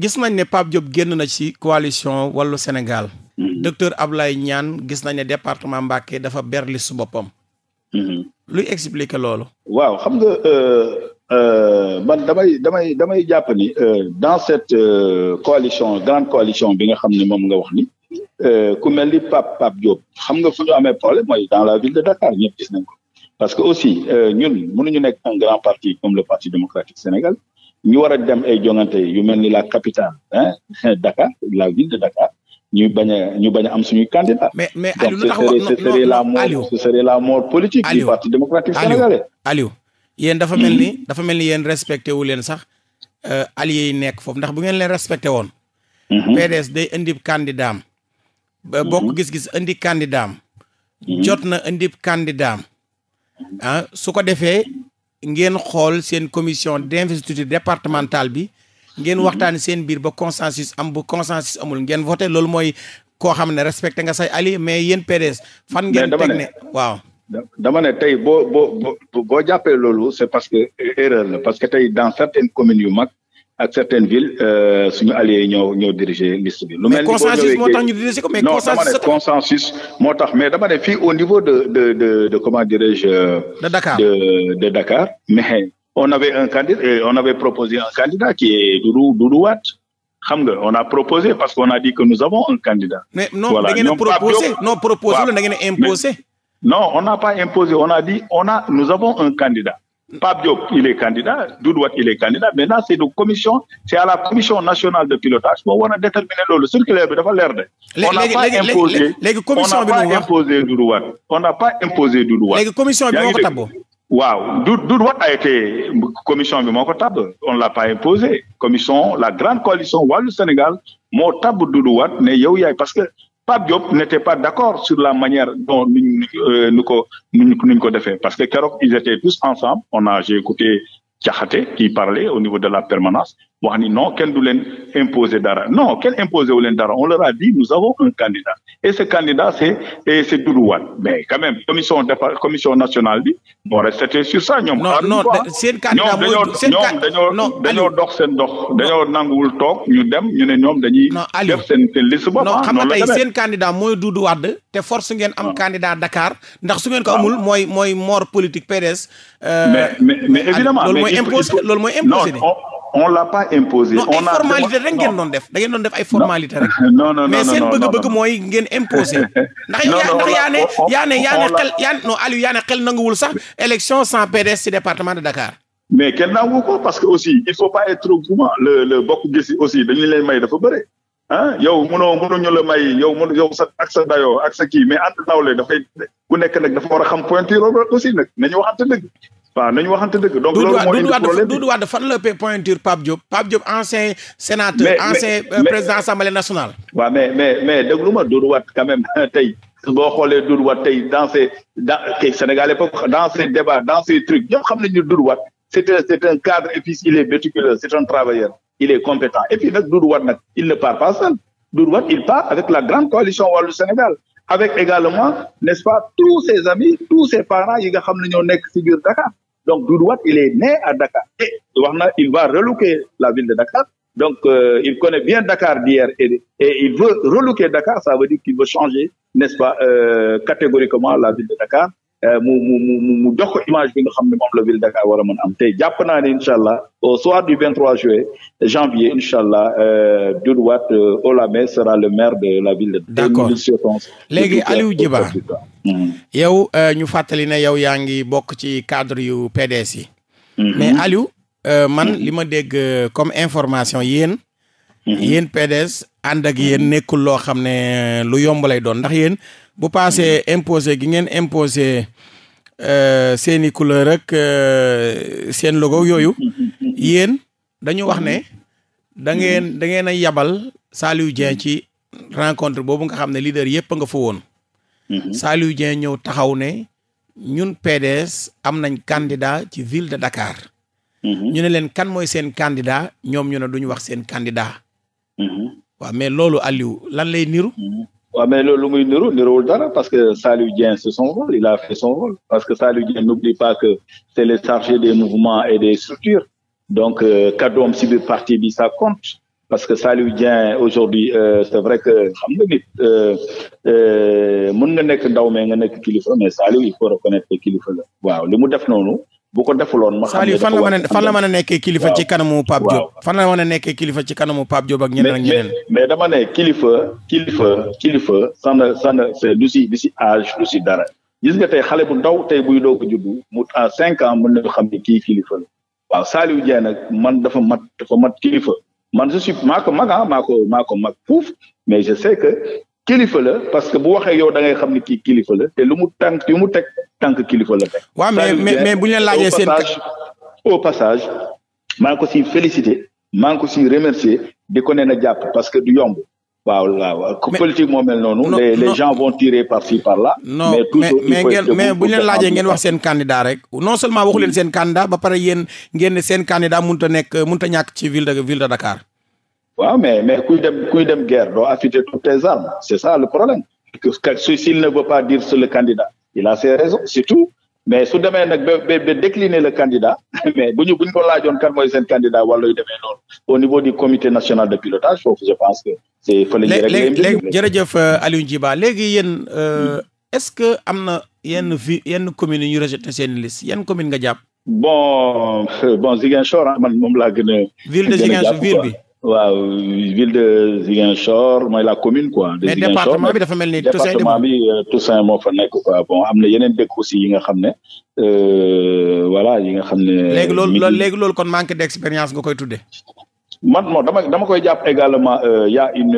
gis nañ ne Pape Diop génn na ci coalition wàllu Sénégal. Mm-hmm. docteur Ablaye ñaan gis nañ ne département Mbacké dafa berli su boppam. Mm-hmm. luy expliquer loolu. waaw xam nga euh, euh, man damay damay damay jàpp ni euh, dans cette coalition grande coalition bi nga xam ne moom nga wax ni ku mel ni Pape Pape Diop xam nga fu ñu amee problème mooy dans la ville de Dakar ñëpp gis nañ ko parce que aussi ñun ñu nekk un grand parti comme le Parti démocratique sénégal ñu war dem ay jongante yu mel ni la capitale hein Dakar la ville de Dakar. ñu bañ ñu bañ am suñuy candidat mais mais Aliou lu tax ce serait la mort ce serait la mort yéen dafa mel ni hmm? dafa mel ni yéen respecté wu leen sax euh, alliés yi nekk foofu ndax bu ngeen leen respecté woon hmm? PDS day indi candidat am hmm? bokk gis-gis indi candidat jot na indi candidat am ah, su ko defee ngeen xool seen commission d'investiture départementale bi ngeen waxtaan seen biir ba consensus am ba consensus amul ngeen voté loolu mooy koo xam ne respecté nga say ali mais yéen PDS fan ngeen ne waaw dama ne tey boo boo boo jàppee loolu c'est parce que e-, erreur la parce que tey dans certaines communes yu mag ak certaines villes euh, su alliés ñoo ñoo diriger liste bi. lu mel ni consensus moo tax ñu diriger ko mais moo tax mais dama ne fii au niveau de de de de comment dirais-je. de Dakar de on avait un candidat euh, proposé un candidat qui est Doudou Doudou nga on a proposé parce qu'on a dit que nous avons un candidat. mais non da ngeen a proposé non proposé la da ngeen a imposé. non on n'a pas imposé on a dit on a nous avons un candidat. Pape Diop il est candidat Doudou il est candidat maintenant c'est de commission c'est à la commission nationale de pilotage moo war a déterminer loolu circulaire bi dafa de. on n'a pas imposé commission bi on n'a pas waaw du du wat a été commission bi moo ko tabb on l'a pas imposé commission la grande coalition wàllu Sénégal moo tab Doudou Wade ne yow yaay parce que Pape Diop n'était pas d'accord sur la manière dont nuñ euh, nu ko nuñ nuñ ko defee parce que keroog ils étaient tous ensemble on a j'ai écouté Diakhaté qui parlait au niveau de la permanence wax ni non kenn du leen imposer dara non kenn imposer wu leen dara on leur a dit nous avons un candidat et ce candidat c'est et c'est Doudou mais quand même commission département commission nationale bi moo resté sur ça ñoom. non non seen candidat mooy seen ñoom dañoo dañoo dox seen dox dañoo nanguwul toog ñu dem ñu ne ñoom dañuy. def seen seen liste non ah, xam nga tey seen candidat mooy Doudou Wade te force ngeen am ah. candidat Dakar ndax su ngeen ko ah. amul mooy mooy mort politique PDS. Euh, mais mais mais évidemment loolu mooy imposé de. on l'a pas imposé. Non, on ay ngeen doon def da ngeen doon def ay formalité rek. non non non mais seen bëgg-bëgg mooy ngeen imposé. ndax yaa ne yaa ne yaa ne xel yaa non Aliou yaa ne xel nanguwul sax élection sans PDS ci département de Dakar. mais kenn nangu ko parce que aussi il faut pas être trop gourmand le le bokk gis aussi dañu leen may dafa bëre. ah yow mënoo mënuñu la may yow mënu yow sa ak sa dayoo kii mais ànd ku nekk nag dafa a xam pointure aussi nag nañu waxante dëgg waaw nañu waxante dëgg donc loolu moo indi problème Doudou Wade fan la pointure Pape Diop ancien sénateur ancien euh, président assemblée nationale waaw mais mais mais déglu ma Doudou Wade quand même tey boo xoolee Doudou Wade tey dans ces dans kii Sénégalais foofu dans ces débats dans ces trucs ñëpp xam nañu Doudou Wade c'est un c'est un cadre et puis il c'est un travailleur il est compétent et puis nag Doudou Wade nag il ne part pas seul Doudou il part avec la grande coalition wàllu Sénégal avec également n'est-ce pas tous ses amis tous ses parents yi nga xam ne ñoo nekk ci biir Dakar donc Doudou Wade il est né à Dakar et wax na il va relooker la ville de Dakar donc euh, il connaît bien Dakar d'hier et, et il veut relooker Dakar ça veut dire qu'il veut changer n'est-ce pas euh, catégoriquement la ville de Dakar Euh, mu mu mu mu jox image bi nga xam ne moom la ville Dakar war a am te jàpp naa ne allah au soir du 23 janvier incha allah euh, Doudou Wade euh, Olamé sera le maire de la ville. d' accord léegi Aliou Djiba mm-hmm. yow ñu fàttali ne yow yaa ngi bokk ci cadre yu PDS yi. Mm-hmm. mais Aliou man li ma dégg comme information yéen. Mm-hmm. yéen PDS ànd ak yéen nekkul loo xam ne lu yomb lay doon ndax yéen. bu paasee imposé gi ngeen imposé euh, seeni couleur ak euh, seen logo yooyu yéen dañu wax ne da ngeen da ngeen a yabal Saliou Dieng ci rencontre boobu nga xam ne leader yëpp a nga fa woon Saliou Dieng ñëw taxaw ne ñun PDS am nañ candidat ci ville de Dakar ñu ne leen kan mooy seen candidat ñoom ñu ne duñu wax seen candidat mhm. waaw mais loolu Aliou lan lay niru mhm. waaw mais loolu lu muy niru niruwul dara parce que Saliou Dieng c'est son rôle il a fait son rôle parce que Saliou Dieng n'oublie pas que c'est le chargé des mouvements et des structures donc euh, kàddoom si biir parti bi ça compte parce que Saliou dien aujourd'hui euh, c'est vrai que xam nga nit euh, euh, mën nga nekk ndaw mais nga nekk kilifa mais Saliou il faut reconnaître que kilifa la waaw li mu def noonu bu ko defuloon ma xam fan la mën a fan la mën a nekkee kilifa ci kanamu Pape Diop fan la a nekkee kilifa ci kanamu Pape Diop ak ñeneen ak mais dama ne kilifa kilifa kilifa sana sana c'est du si du si du si dara gis nga tey xale bu ndaw tey buy doog a juddu mu en cinq ans mën nañu xam ne kii kilifa la waaw Saliou nag man dafa mat dafa mat kilifa man je suis maa ko mag ah maa je sais kilifa la parce que bu waxee yow da ngay xam ni kii kilifa la te lu mu tànk yu mu teg tànk kilifa la teg. waaw mais mais bu ñu la laajee seen au passage maa ko siy félicité maa ko siy remercié di ko nee na jàpp parce que du yomb. waaw waaw politique moo mel noonu. les les gens vont tirer par ci par là. non laajee wax seen candidat rek non seulement waxu seen candidat ba pare yéen ngeen ne seen candidat mënut a nekk mënut a ñàkk ci ville de ville de Dakar. waaw mais mais kuy dem kuy dem guerre doo affûter toutes tes armes c'est ça le problème que s'il ne veut pas dire c'est le candidat il a ses raisons c'est mais su demee nag ba ba décliner le candidat mais bu ñu bu ñu ko laajoon kan mooy seen candidat wala yu demee noonu au niveau du comité national de pilotage foofu je pense que c'est fële euh, ji rek léegi jërëjëf Aliou Djiba est-ce que am na yenn vi yenn communes yu ñu rejeté seen liste yenn commune nga jàpp bon euh, bon Ziguinchor ah, man moom laa gën a ville de bi waaw ville de Ziguinchor mooy la commune quoi. de Ziguinchor mais département bi dafa mel ni Toussaint département bi euh, Toussaint moo fa nekk bon am na yeneen dëkk aussi yi nga xam ne euh, voilà yi nga xam ne. léegi loolu léegi loolu kon manque d'expérience nga koy tuddee. man moo dama dama koy jàpp également euh, y a une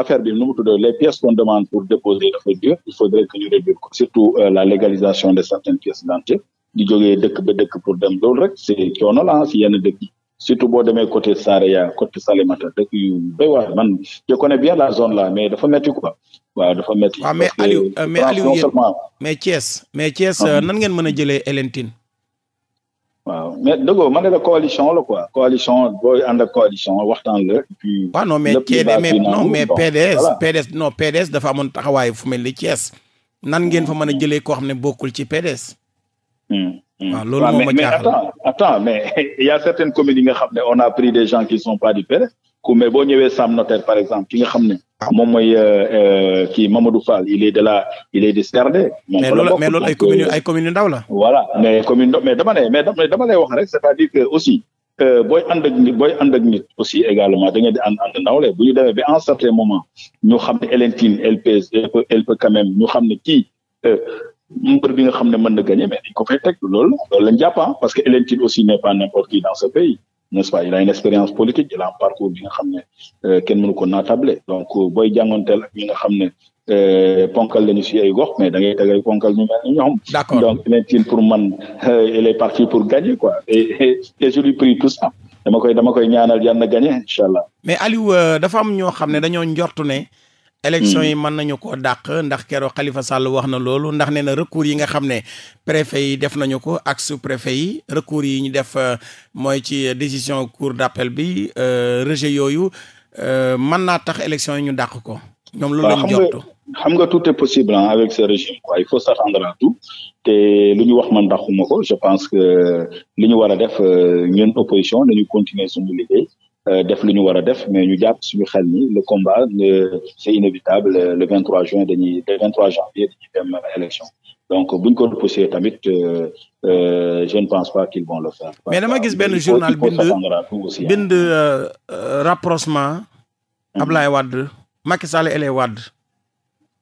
affaire bi nu mu tudd les pièces qu'on demande pour déposer dafa dur il faudrait que ñu réduire ko surtout la légalisation de certaines pièces d'identité di jógee dëkk ba dëkk pour dem loolu rek c'est coono si yenn dëkk yi. surtout boo demee côté Saraya côté Salémata dëkk la zone dafa metti quoi waaw dafa metti. waaw ah, mais Aliou euh, mais Aliou yéen mais Thiès mais euh, mhm. nan ngeen mën a jëlee Elentine. waaw mais dëggoo ma ne la coalition la quoi. coalition booy ànd coalition waxtaan la. puis waaw ah, non mais mais non mais PDS PDS non dafa amoon taxawaay fu mel ni Thiès nan ngeen fa mën a jëlee koo xam ne bokkul ci PDS. Hmm. waaw hmm. ah, loolu moom ma mais attends attends mais il y commune certaines communes yi xam ne on pris des gens qui sont pas du PDS ku mais boo Sam Notaire par exemple ki nga xam ne. Ah. moom mooy euh, euh, kii Mamadou Fall il est de la il est de CRD. mais loolu mais loolu ay communes ay communes yu ndaw la. voilà mais commune mais mais dama lay rek c'est-à-dire que aussi. Euh, booy ànd ak nit booy ànd ak nit aussi également da ngeen di nawle bu ñu demee ba un certain moment ñu xam ne Hélène Tine elle peut elle peut quand même xam ne kii mbër bi nga xam ne mën na gagné mais dañ ko fay teg loolu ah, parce que Hélène Tine aussi n'est pas n'importe qui dans ce pays n'est-ce pas expérience politique il parcours bi nga xam ne euh, kenn mënu ko euh, euh, ponkal lañu si ay gox mais da ngay tegay ponkal ñu mel ni ñoom donc Hélène Tine pour man il est parti pour gagner quoi et et je lui prie koy dama koy ñaanal yàlla na gagné incha allah mais Aliou dafa am ñoo xam ne dañoo njortu ne élection yi hmm. mën nañu ko dàq ndax keroog Khalifa Sall wax na loolu ndax nee na recours yi nga xam ne préfet yi def nañu ko ak sous préfet yi recours yi ñu def euh, mooy ci décision cour d'appel bi euh, rejet yooyu euh, mën naa tax élection yi ñu dàq ko. ñoom loolu lañu jortu xam nga tout est possible avec ce régime quoi il faut s'attendre à tout te lu ñu wax man dàquma ko je pense que lu ñu war a def ñun opposition dañu continuer suñu liggéey. Euh, def lu ñu war a def mais ñu jàpp suñu xel ni le combat c'est inévitable le 23 juin dañuy le 23 janvier dañuy élection donc buñ ko repoussé tamit euh, euh, je ne pense pas qu'ils vont le faire. mais dama gis benn journal bind bind rapprochement. Ablaye Wade Macky Sall et les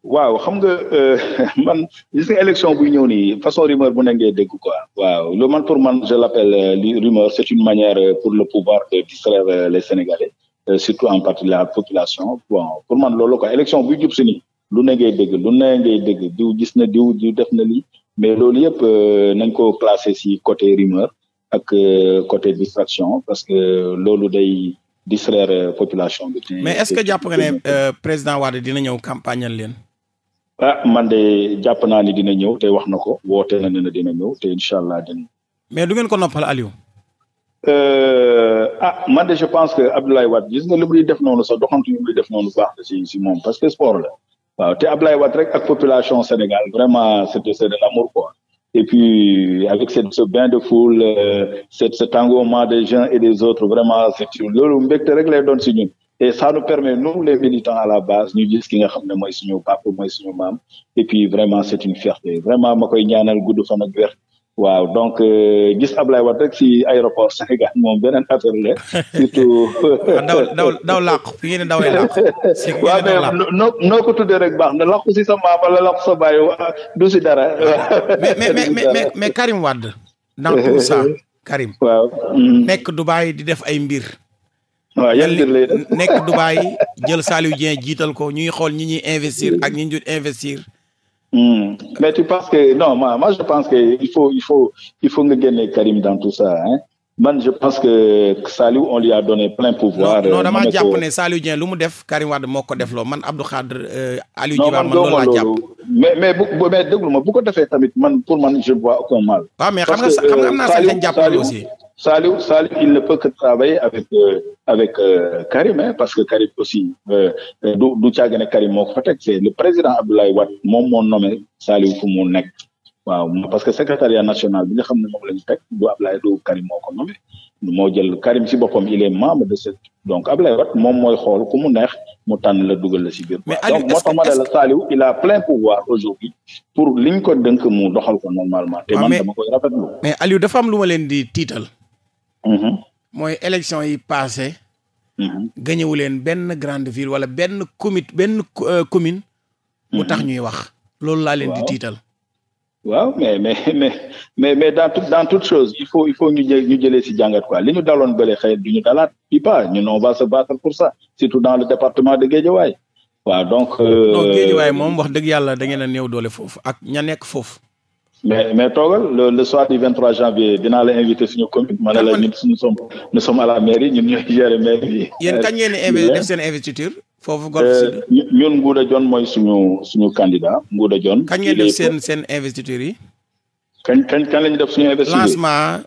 waaw xam nga euh, man gis nga élection buy ñëw nii façon rumeur bu ne ngay dégg quoi. waaw lu man pour man je l'appelle euh, li rumeur c'est une manière euh, pour le pouvoir de distraire les Sénégalais surtout en partie la population bon pour man loolu quoi élection buy jub si nii lu ne ngay dégg lu ne ngay dégg diw gis na diw diw def na lii mais loolu yëpp nañ ko placer si côté rumeur ak côté distraction parce que loolu day distraire population bi. mais est-ce que jàpp nga ne président Wade dina ñëw campagnal leen. ah man de jàpp naa ni dina ñëw te wax na ko woote na ne dina ñëw te incha allah dina. mais du ngeen ko noppal Aliou. Euh, ah man de je pense que Abdoulaye Wade gis nga li muy def noonu sax doxantu li muy def noonu baax na si si moom parce que sport la waw te Abdoulaye Wade rek ak population Sénégal vraiment c'est c'est de l'amour quoi et puis avec cette ce bain de foule euh, cet cet engouement des gens et des autres vraiment c'est loolu mbégte rek lay doon si ñun. et ça nous permet nous les militants à la base ñu gis ki nga xam ne mooy suñu papa mooy suñu maam et puis vraiment c'est une fierté vraiment ma koy ñaanal gudd fan ak wér waaw donc euh, gis Ablaye Wade rek si aéroport Sénégal moom beneen affaire la surtout. daw daw daw làqu fi ngeen di dawee làqu. si waaw mais noo ko tuddee rek baax na làqu si sa maam wala làqu sa baay du si dara. mais mais mais mais Karim Wade. dans tout ça Karim. waaw mm. nekk Dubaï di def ay mbir. waaw yan mbir lay def nekk Dubaay jël Saliou Dieng jiital ko ñuy xool ñi ñuy investir ak ñi ñu investir. Hmm. mais tu penses que non moi moi je pense que il faut il faut il nga génne Karim dans tout ça man je pense que Saliou on lui a donné plein pouvoir. non non euh, damaa jàpp ne Saliou lu mu def Karim Wade moo ko def man Abdou Khadre euh, man loolu laa mais mais bu mais déglu ma bu ko defee tamit man pour man je vois aucun mal. waaw mais xam nga xam nga am euh, aussi. Saliou Saliou il ne peut que travailler avec Karim hein, parce que Karim aussi euh, du du caagane Karim moo ko teg c'est le président Abdoulaye Wade moom moo nommé Saliou fu nekk. waaw parce que secrétariat national bi nga xam ne moom la du Ablaye moo ko nommé moo jël Karim ci boppam il est membre de cette donc Ablaye Wade moom mooy xool ku mu neex mu tànn la dugal la si biir. mais donc moo tax ma la Saliou il a ko dënk mu doxal ko normalement. Ah, mais Aliou dafa am lu ma leen di mm-hmm. mooy élection yi passé mm-hmm. gañewu leen benn grande ville wala benn comité benn euh, commune. mu tax mm-hmm. ñuy wax. loolu laa leen di tiital. waaw mais mais mais mais mais dans tout dans toute chose il faut il faut ñu jë ñu jàngat quoi li daloon bële xëy du ñu dalaat bi pas ñun on pour ça surtout dans le département de Guédiawaye waaw donc. non euh, Guédiawaye moom wax dëgg yàlla da ngeen a néew doole foofu ak ña nekk foofu. mais mais toogal le le soir du 23 janvier dinaa la invité suñu commune. ma ne la ñun nous sommes la mairie ñun ñooy gérer mairie bi. kañ ngeen investiture. foofu Golf euh, ñun Nguuda Dione mooy suñu suñu candidat Nguuda Dione. kañ ngeen seen seen investiture yi. kañ kañ kañ la def suñu investiture lancement.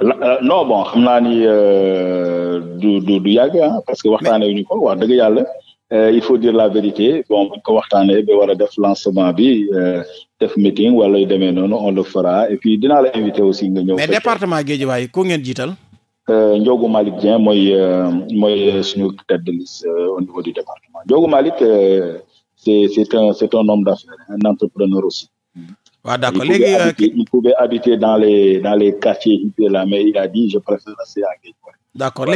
Euh, non bon xam naa ni euh, du du du yàgg ah, parce que waxtaanee wu ñu ko wax dëgg yàlla. Euh, il faut dire la vérité bon buñ ko waxtaanee ba war a def lancement bi def meeting wala yu demee noonu on le fera et puis dinaa la invité aussi nga ñëw. mais département Guédiawaye ko ngeen jiital. Ndiogou Malick Dieng mooy mooy suñu de liste Diogo Malick euh, c'est c'est un c'est un homme d'affaires un entrepreneur aussi. waa mmh. d'accord léegi euh, il pouvait habiter dans les dans les quartiers huppés là a dit je préfère rester à Guédiawaye. d'accord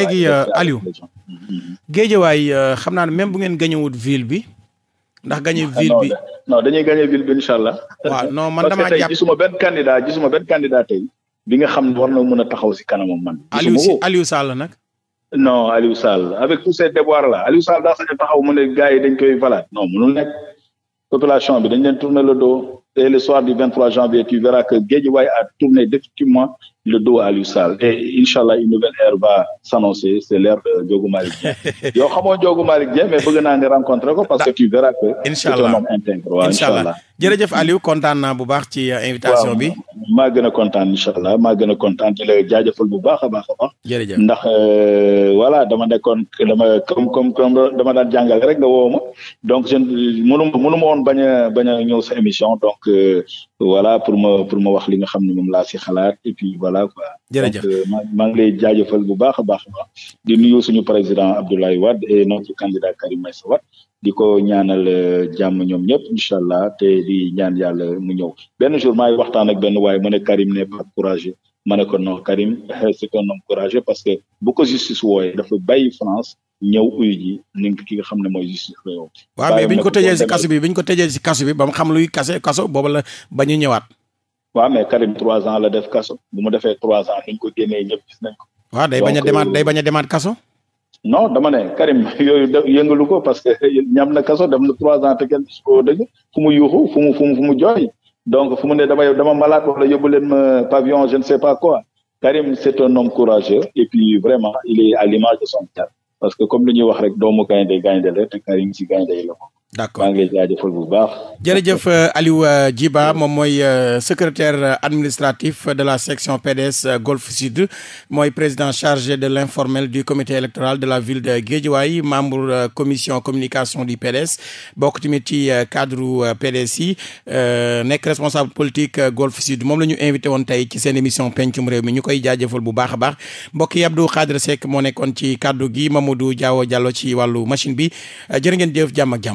euh, mmh. xam naa ne même bu ngeen gañewut ville bi. ndax gañe ah, ville bi non dañuy gañe ville bi incha allah. waaw non man damaa jàpp parce gisuma benn candidat gisuma benn candidat tey. bi nga xam ne war na mën a taxaw si kanamam man. Aliou Aliou nag. non Aliou Sall avec tous ces déboires là Aliou Sall daa taxaw mu ne gars yi dañ koy valaat non mënul nekk population bi dañ leen tourner le dos et le soir du 23 janvier tu verras que Guédiawaye a tourné définitivement le dos saal l'USAL. Et Inch'Allah, une nouvelle ère va s'annoncer, c'est l'ère de Diogo Malik Yo, comment Diogo Malik mais vous allez rencontrer parce que tu verras que Inch'Allah. c'est un homme intègre. Inch'Allah. jërëjëf kontaan naa bu baax ci euh, invitation bi. maa gën a kontaan incha allah maa gën a kontaan di la jaajëfal bu baax a baax a baax. jërëjëf ndax wala euh, dama nekkoon dama comme comme comme dama daan jàngale rek nga woo ma donc je mënu mënu ma woon bañ bañ ñëw sa émission donc euh, voilà pour ma pour ma wax li nga xam ne moom laa si xalaat voilà quoi. jërëjëf donc euh, maa ngi lay jaajëfal bu baax a baax a baax di nuyu suñu président Abdoulaye Wade et notre candidat Karim Meïssa Wade di ko ñaanal euh, jàmm ñoom ñëpp incha allah te di ñaan yàlla mu ñëw benn jour maay waxtaan ak benn waaye mu ne Karim n'est pas courageux ma ne ko non Karim c'est un parce que bu ko justice wooyee dafa bàyyi France ñëw uyu ji ni ki nga xam ne mooy justice la yow. waaw ñu ko tëjee si kaso bi bi ñu ko tëjee si kaso bi ba mu xam luy kase kaso boobu la ba ñu ñëwaat. waaw mais Karim trois ans la def kaso bu mu defee trois ans ni ñu ko génnee gis nañ ko. waaw day bañ a demaat euh, day bañ a demaat kaso. non dama ne Karim yooyu yëngalu ko parce que ñam na kaso dem na trois ans te kenn ko dëgg fu mu yuuxu fu mu fu mu fu mu jooy donc fu mu dama dama dama malade wala yóbbu leen ma pavillon je ne sais pas quoi Karim et puis vraiment il est à l'image de son père parce que comme li ñuy wax rek doomu gaynde gaynde la te Karim si gaynde yi la d' accord maa ngi lay jaajëfal bu euh, euh, moom mooy euh, secretaire administratif de la section PDS Golf Sud mooy président chargé de l' informel du comité électoral de la ville de Guédiawaye membre commission communication du PDS bokk tamit ci cadre PDS yi nekk responsable politique Golf Sud moom la ñu invité woon tey ci seen émission pencum réew mi ñu koy jaajëfal bu baax a baax mbokk yi Abdou Khadre Seck moo nekkoon ci kaddu gi du Diawo Diallo ci wàllu machine bi jërë ngeen jëf jàmm ak